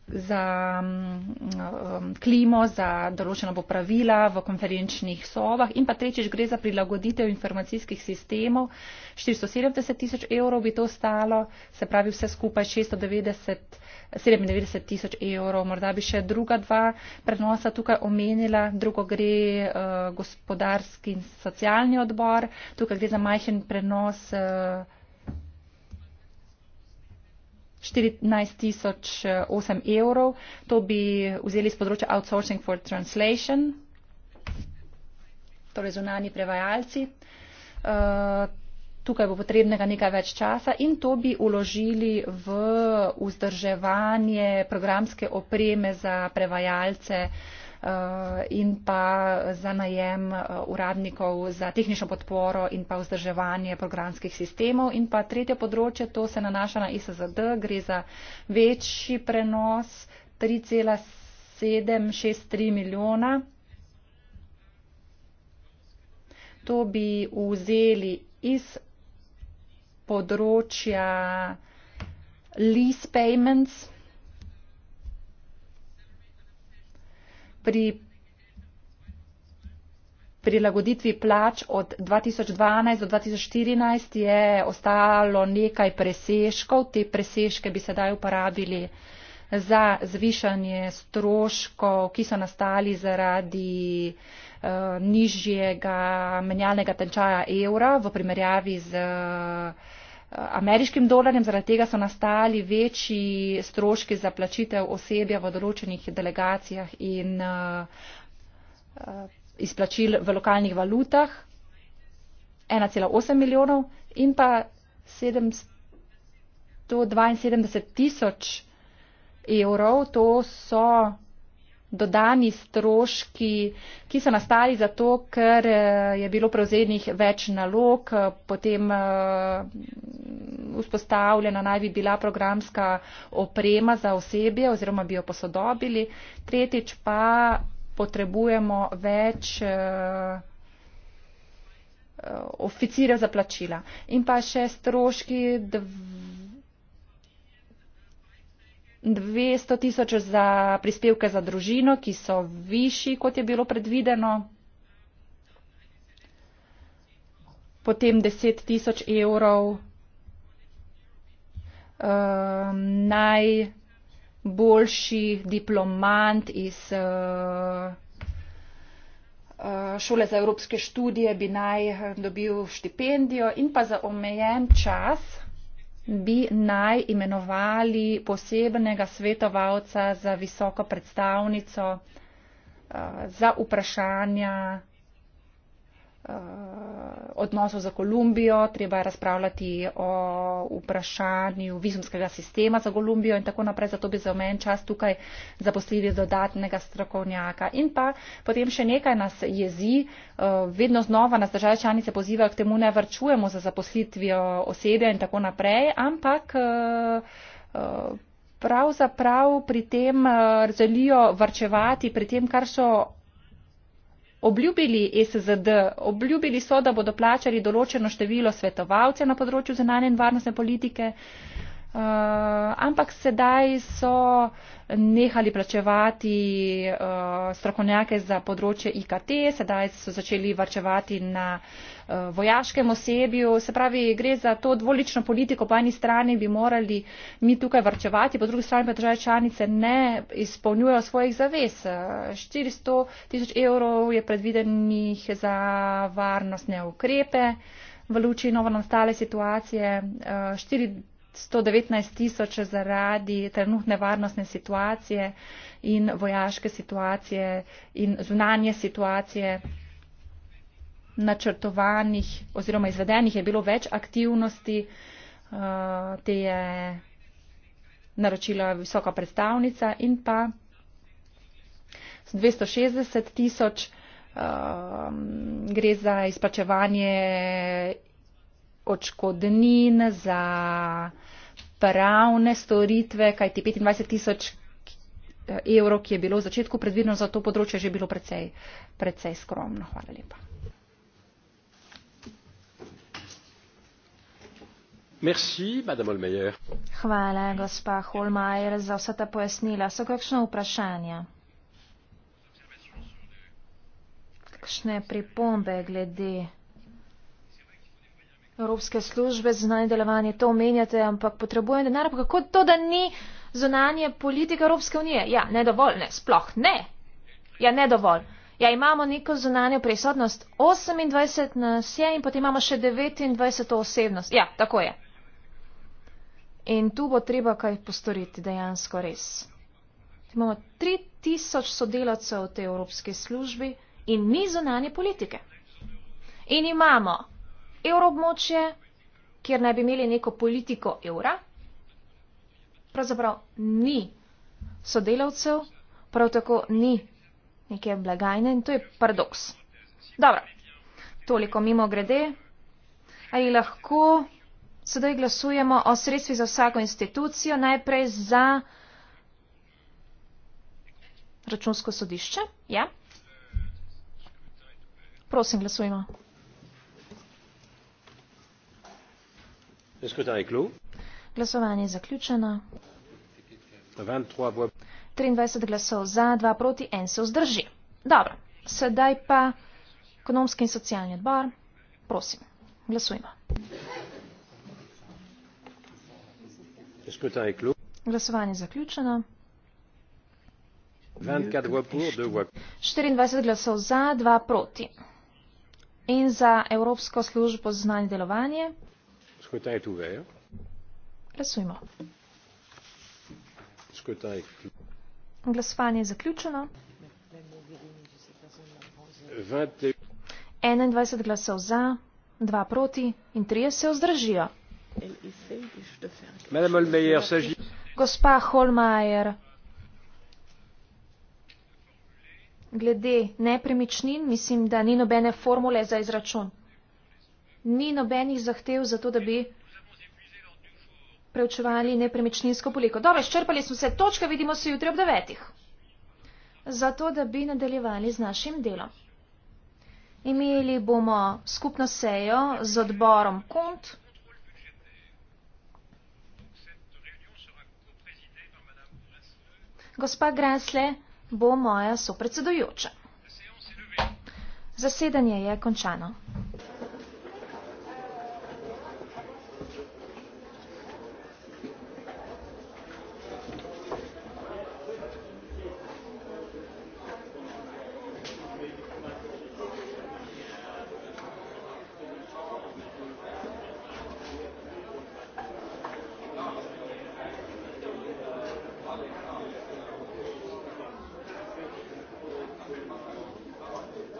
za mm, um, klimo, za določena bo pravila v konferenčnih sobah in pa tretjič gre za prilagoditev informacijskih sistemov. 470 tisoč evrov bi to stalo, se pravi vse skupaj 690, 97 tisoč evrov. Morda bi še druga dva prenosa tukaj omenila. Drugo gre uh, gospodarski in socialni odbor. Tukaj gre za majhen prenos. Uh, 14008 eh, evrov. To bi vzeli z področja outsourcing for translation, torej zunani prevajalci. Uh, tukaj bo potrebnega nekaj več časa in to bi uložili v vzdrževanje programske opreme za prevajalce uh, Eh, in pa za najem eh, uradnikov za tehnično podporo in pa vzdrževanje programskih sistemov. In pa tretje področje, to se nanaša na ISZD, gre za večji prenos 3,763 milijona. To bi vzeli iz področja lease payments, pri prilagoditvi plač od 2012 do 2014 je ostalo nekaj presežkov. Te presežke bi sedaj uporabili za zvišanje stroškov, ki so nastali zaradi uh, nižjega menjalnega tenčaja evra v primerjavi z uh, Eh, ameriškim dolarjem, zaradi tega so nastali večji stroški za plačitev osebja v določenih delegacijah in eh, eh, izplačil v lokalnih valutah 1,8 milijonov in pa 772 tisoč evrov, to so dodani stroški, ki so nastali zato, ker eh, je bilo prevzenih več nalog, eh, potem eh, vzpostavljena naj bi bila programska oprema za osebje oziroma bi jo posodobili. Tretjič pa potrebujemo več oficirja za plačila. In pa še stroški 200 tisoč za prispevke za družino, ki so višji, kot je bilo predvideno. Potem 10 tisoč evrov um, najboljši diplomant iz uh, šole za evropske študije bi naj dobil štipendijo in pa za omejen čas bi naj imenovali posebnega svetovalca za visoko predstavnico eh, za vprašanja Eh, odnosov za Kolumbijo, treba je razpravljati o vprašanju vizumskega sistema za Kolumbijo in tako naprej, zato bi za omen čas tukaj zaposlili dodatnega strokovnjaka. In pa potem še nekaj nas jezi, eh, vedno znova nas države članice pozivajo k temu, ne vrčujemo za zaposlitvijo osebe in tako naprej, ampak eh, pravzaprav pri tem želijo vrčevati, pri tem, kar so obljubili e SZD, obljubili so, da bodo plačali določeno število svetovalcev na področju zunanje in varnostne politike. Uh, Uh, ampak sedaj so nehali plačevati uh, strokovnjake za področje IKT, sedaj so začeli varčevati na uh, vojaškem osebju. Se pravi, gre za to dvolično politiko. Po eni strani bi morali mi tukaj varčevati, po drugi strani pa države članice ne izpolnjujejo svojih zavez. 400 tisoč evrov je predvidenih za varnostne ukrepe v luči novonastale situacije. Uh, 4, 119 tisoč zaradi trenutne varnostne situacije in vojaške situacije in zunanje situacije načrtovanih oziroma izvedenih je bilo več aktivnosti, eh, te je naročila visoka predstavnica in pa 260 tisoč eh, gre za izplačevanje očkodnine, za pravne storitve, kajti 25 tisoč eh, evrov, ki je bilo v začetku predvideno za to področje, že bilo precej, precej skromno. Hvala lepa. Merci, Hvala, gospa Holmajer, za vsa ta pojasnila. So kakšno vprašanje? Kakšne pripombe glede Evropske službe za zunanje delovanje, to omenjate, ampak potrebujem denar, ampak kako to, da ni zunanje politike Evropske unije? Ja, ne dovolj, ne, sploh ne. Ja, ne dovolj. Ja, imamo neko zunanje prisotnost, 28 nas je in potem imamo še 29 osebnost. Ja, tako je. In tu bo treba kaj postoriti, dejansko res. Imamo 3000 sodelavcev v tej Evropski službi in ni zunanje politike. In imamo evroobmočje, kjer naj bi imeli neko politiko evra, pravzaprav ni sodelavcev, prav tako ni neke blagajne in to je paradoks. Dobro, toliko mimo grede. Ali lahko sedaj glasujemo o sredstvi za vsako institucijo, najprej za računsko sodišče? Ja. Prosim, glasujmo. Le scrutin est clos. Glasovanje je zaključeno. 23 glasov za, 2 proti, 1 se vzdrži. Dobro, sedaj pa ekonomski in socialni odbor. Prosim, glasujmo. Glasovanje je zaključeno. 24 glasov za, 2 proti. In za Evropsko službo za znanje delovanje scrutin est ouvert. Glasujmo. Scrutin est clos. Glasovanje je zaključeno. 21 glasov za, 2 proti in 3 se vzdržijo. Gospa Holmajer, glede nepremičnin, mislim, da ni nobene formule za izračun ni nobenih zahtev za to, da bi preučevali nepremičninsko poliko. Dobro, izčrpali smo se, točka vidimo se jutri ob devetih. Zato, da bi nadaljevali z našim delom. Imeli bomo skupno sejo z odborom KUNT. Gospa Grasle bo moja sopredsedujoča. Zasedanje je končano.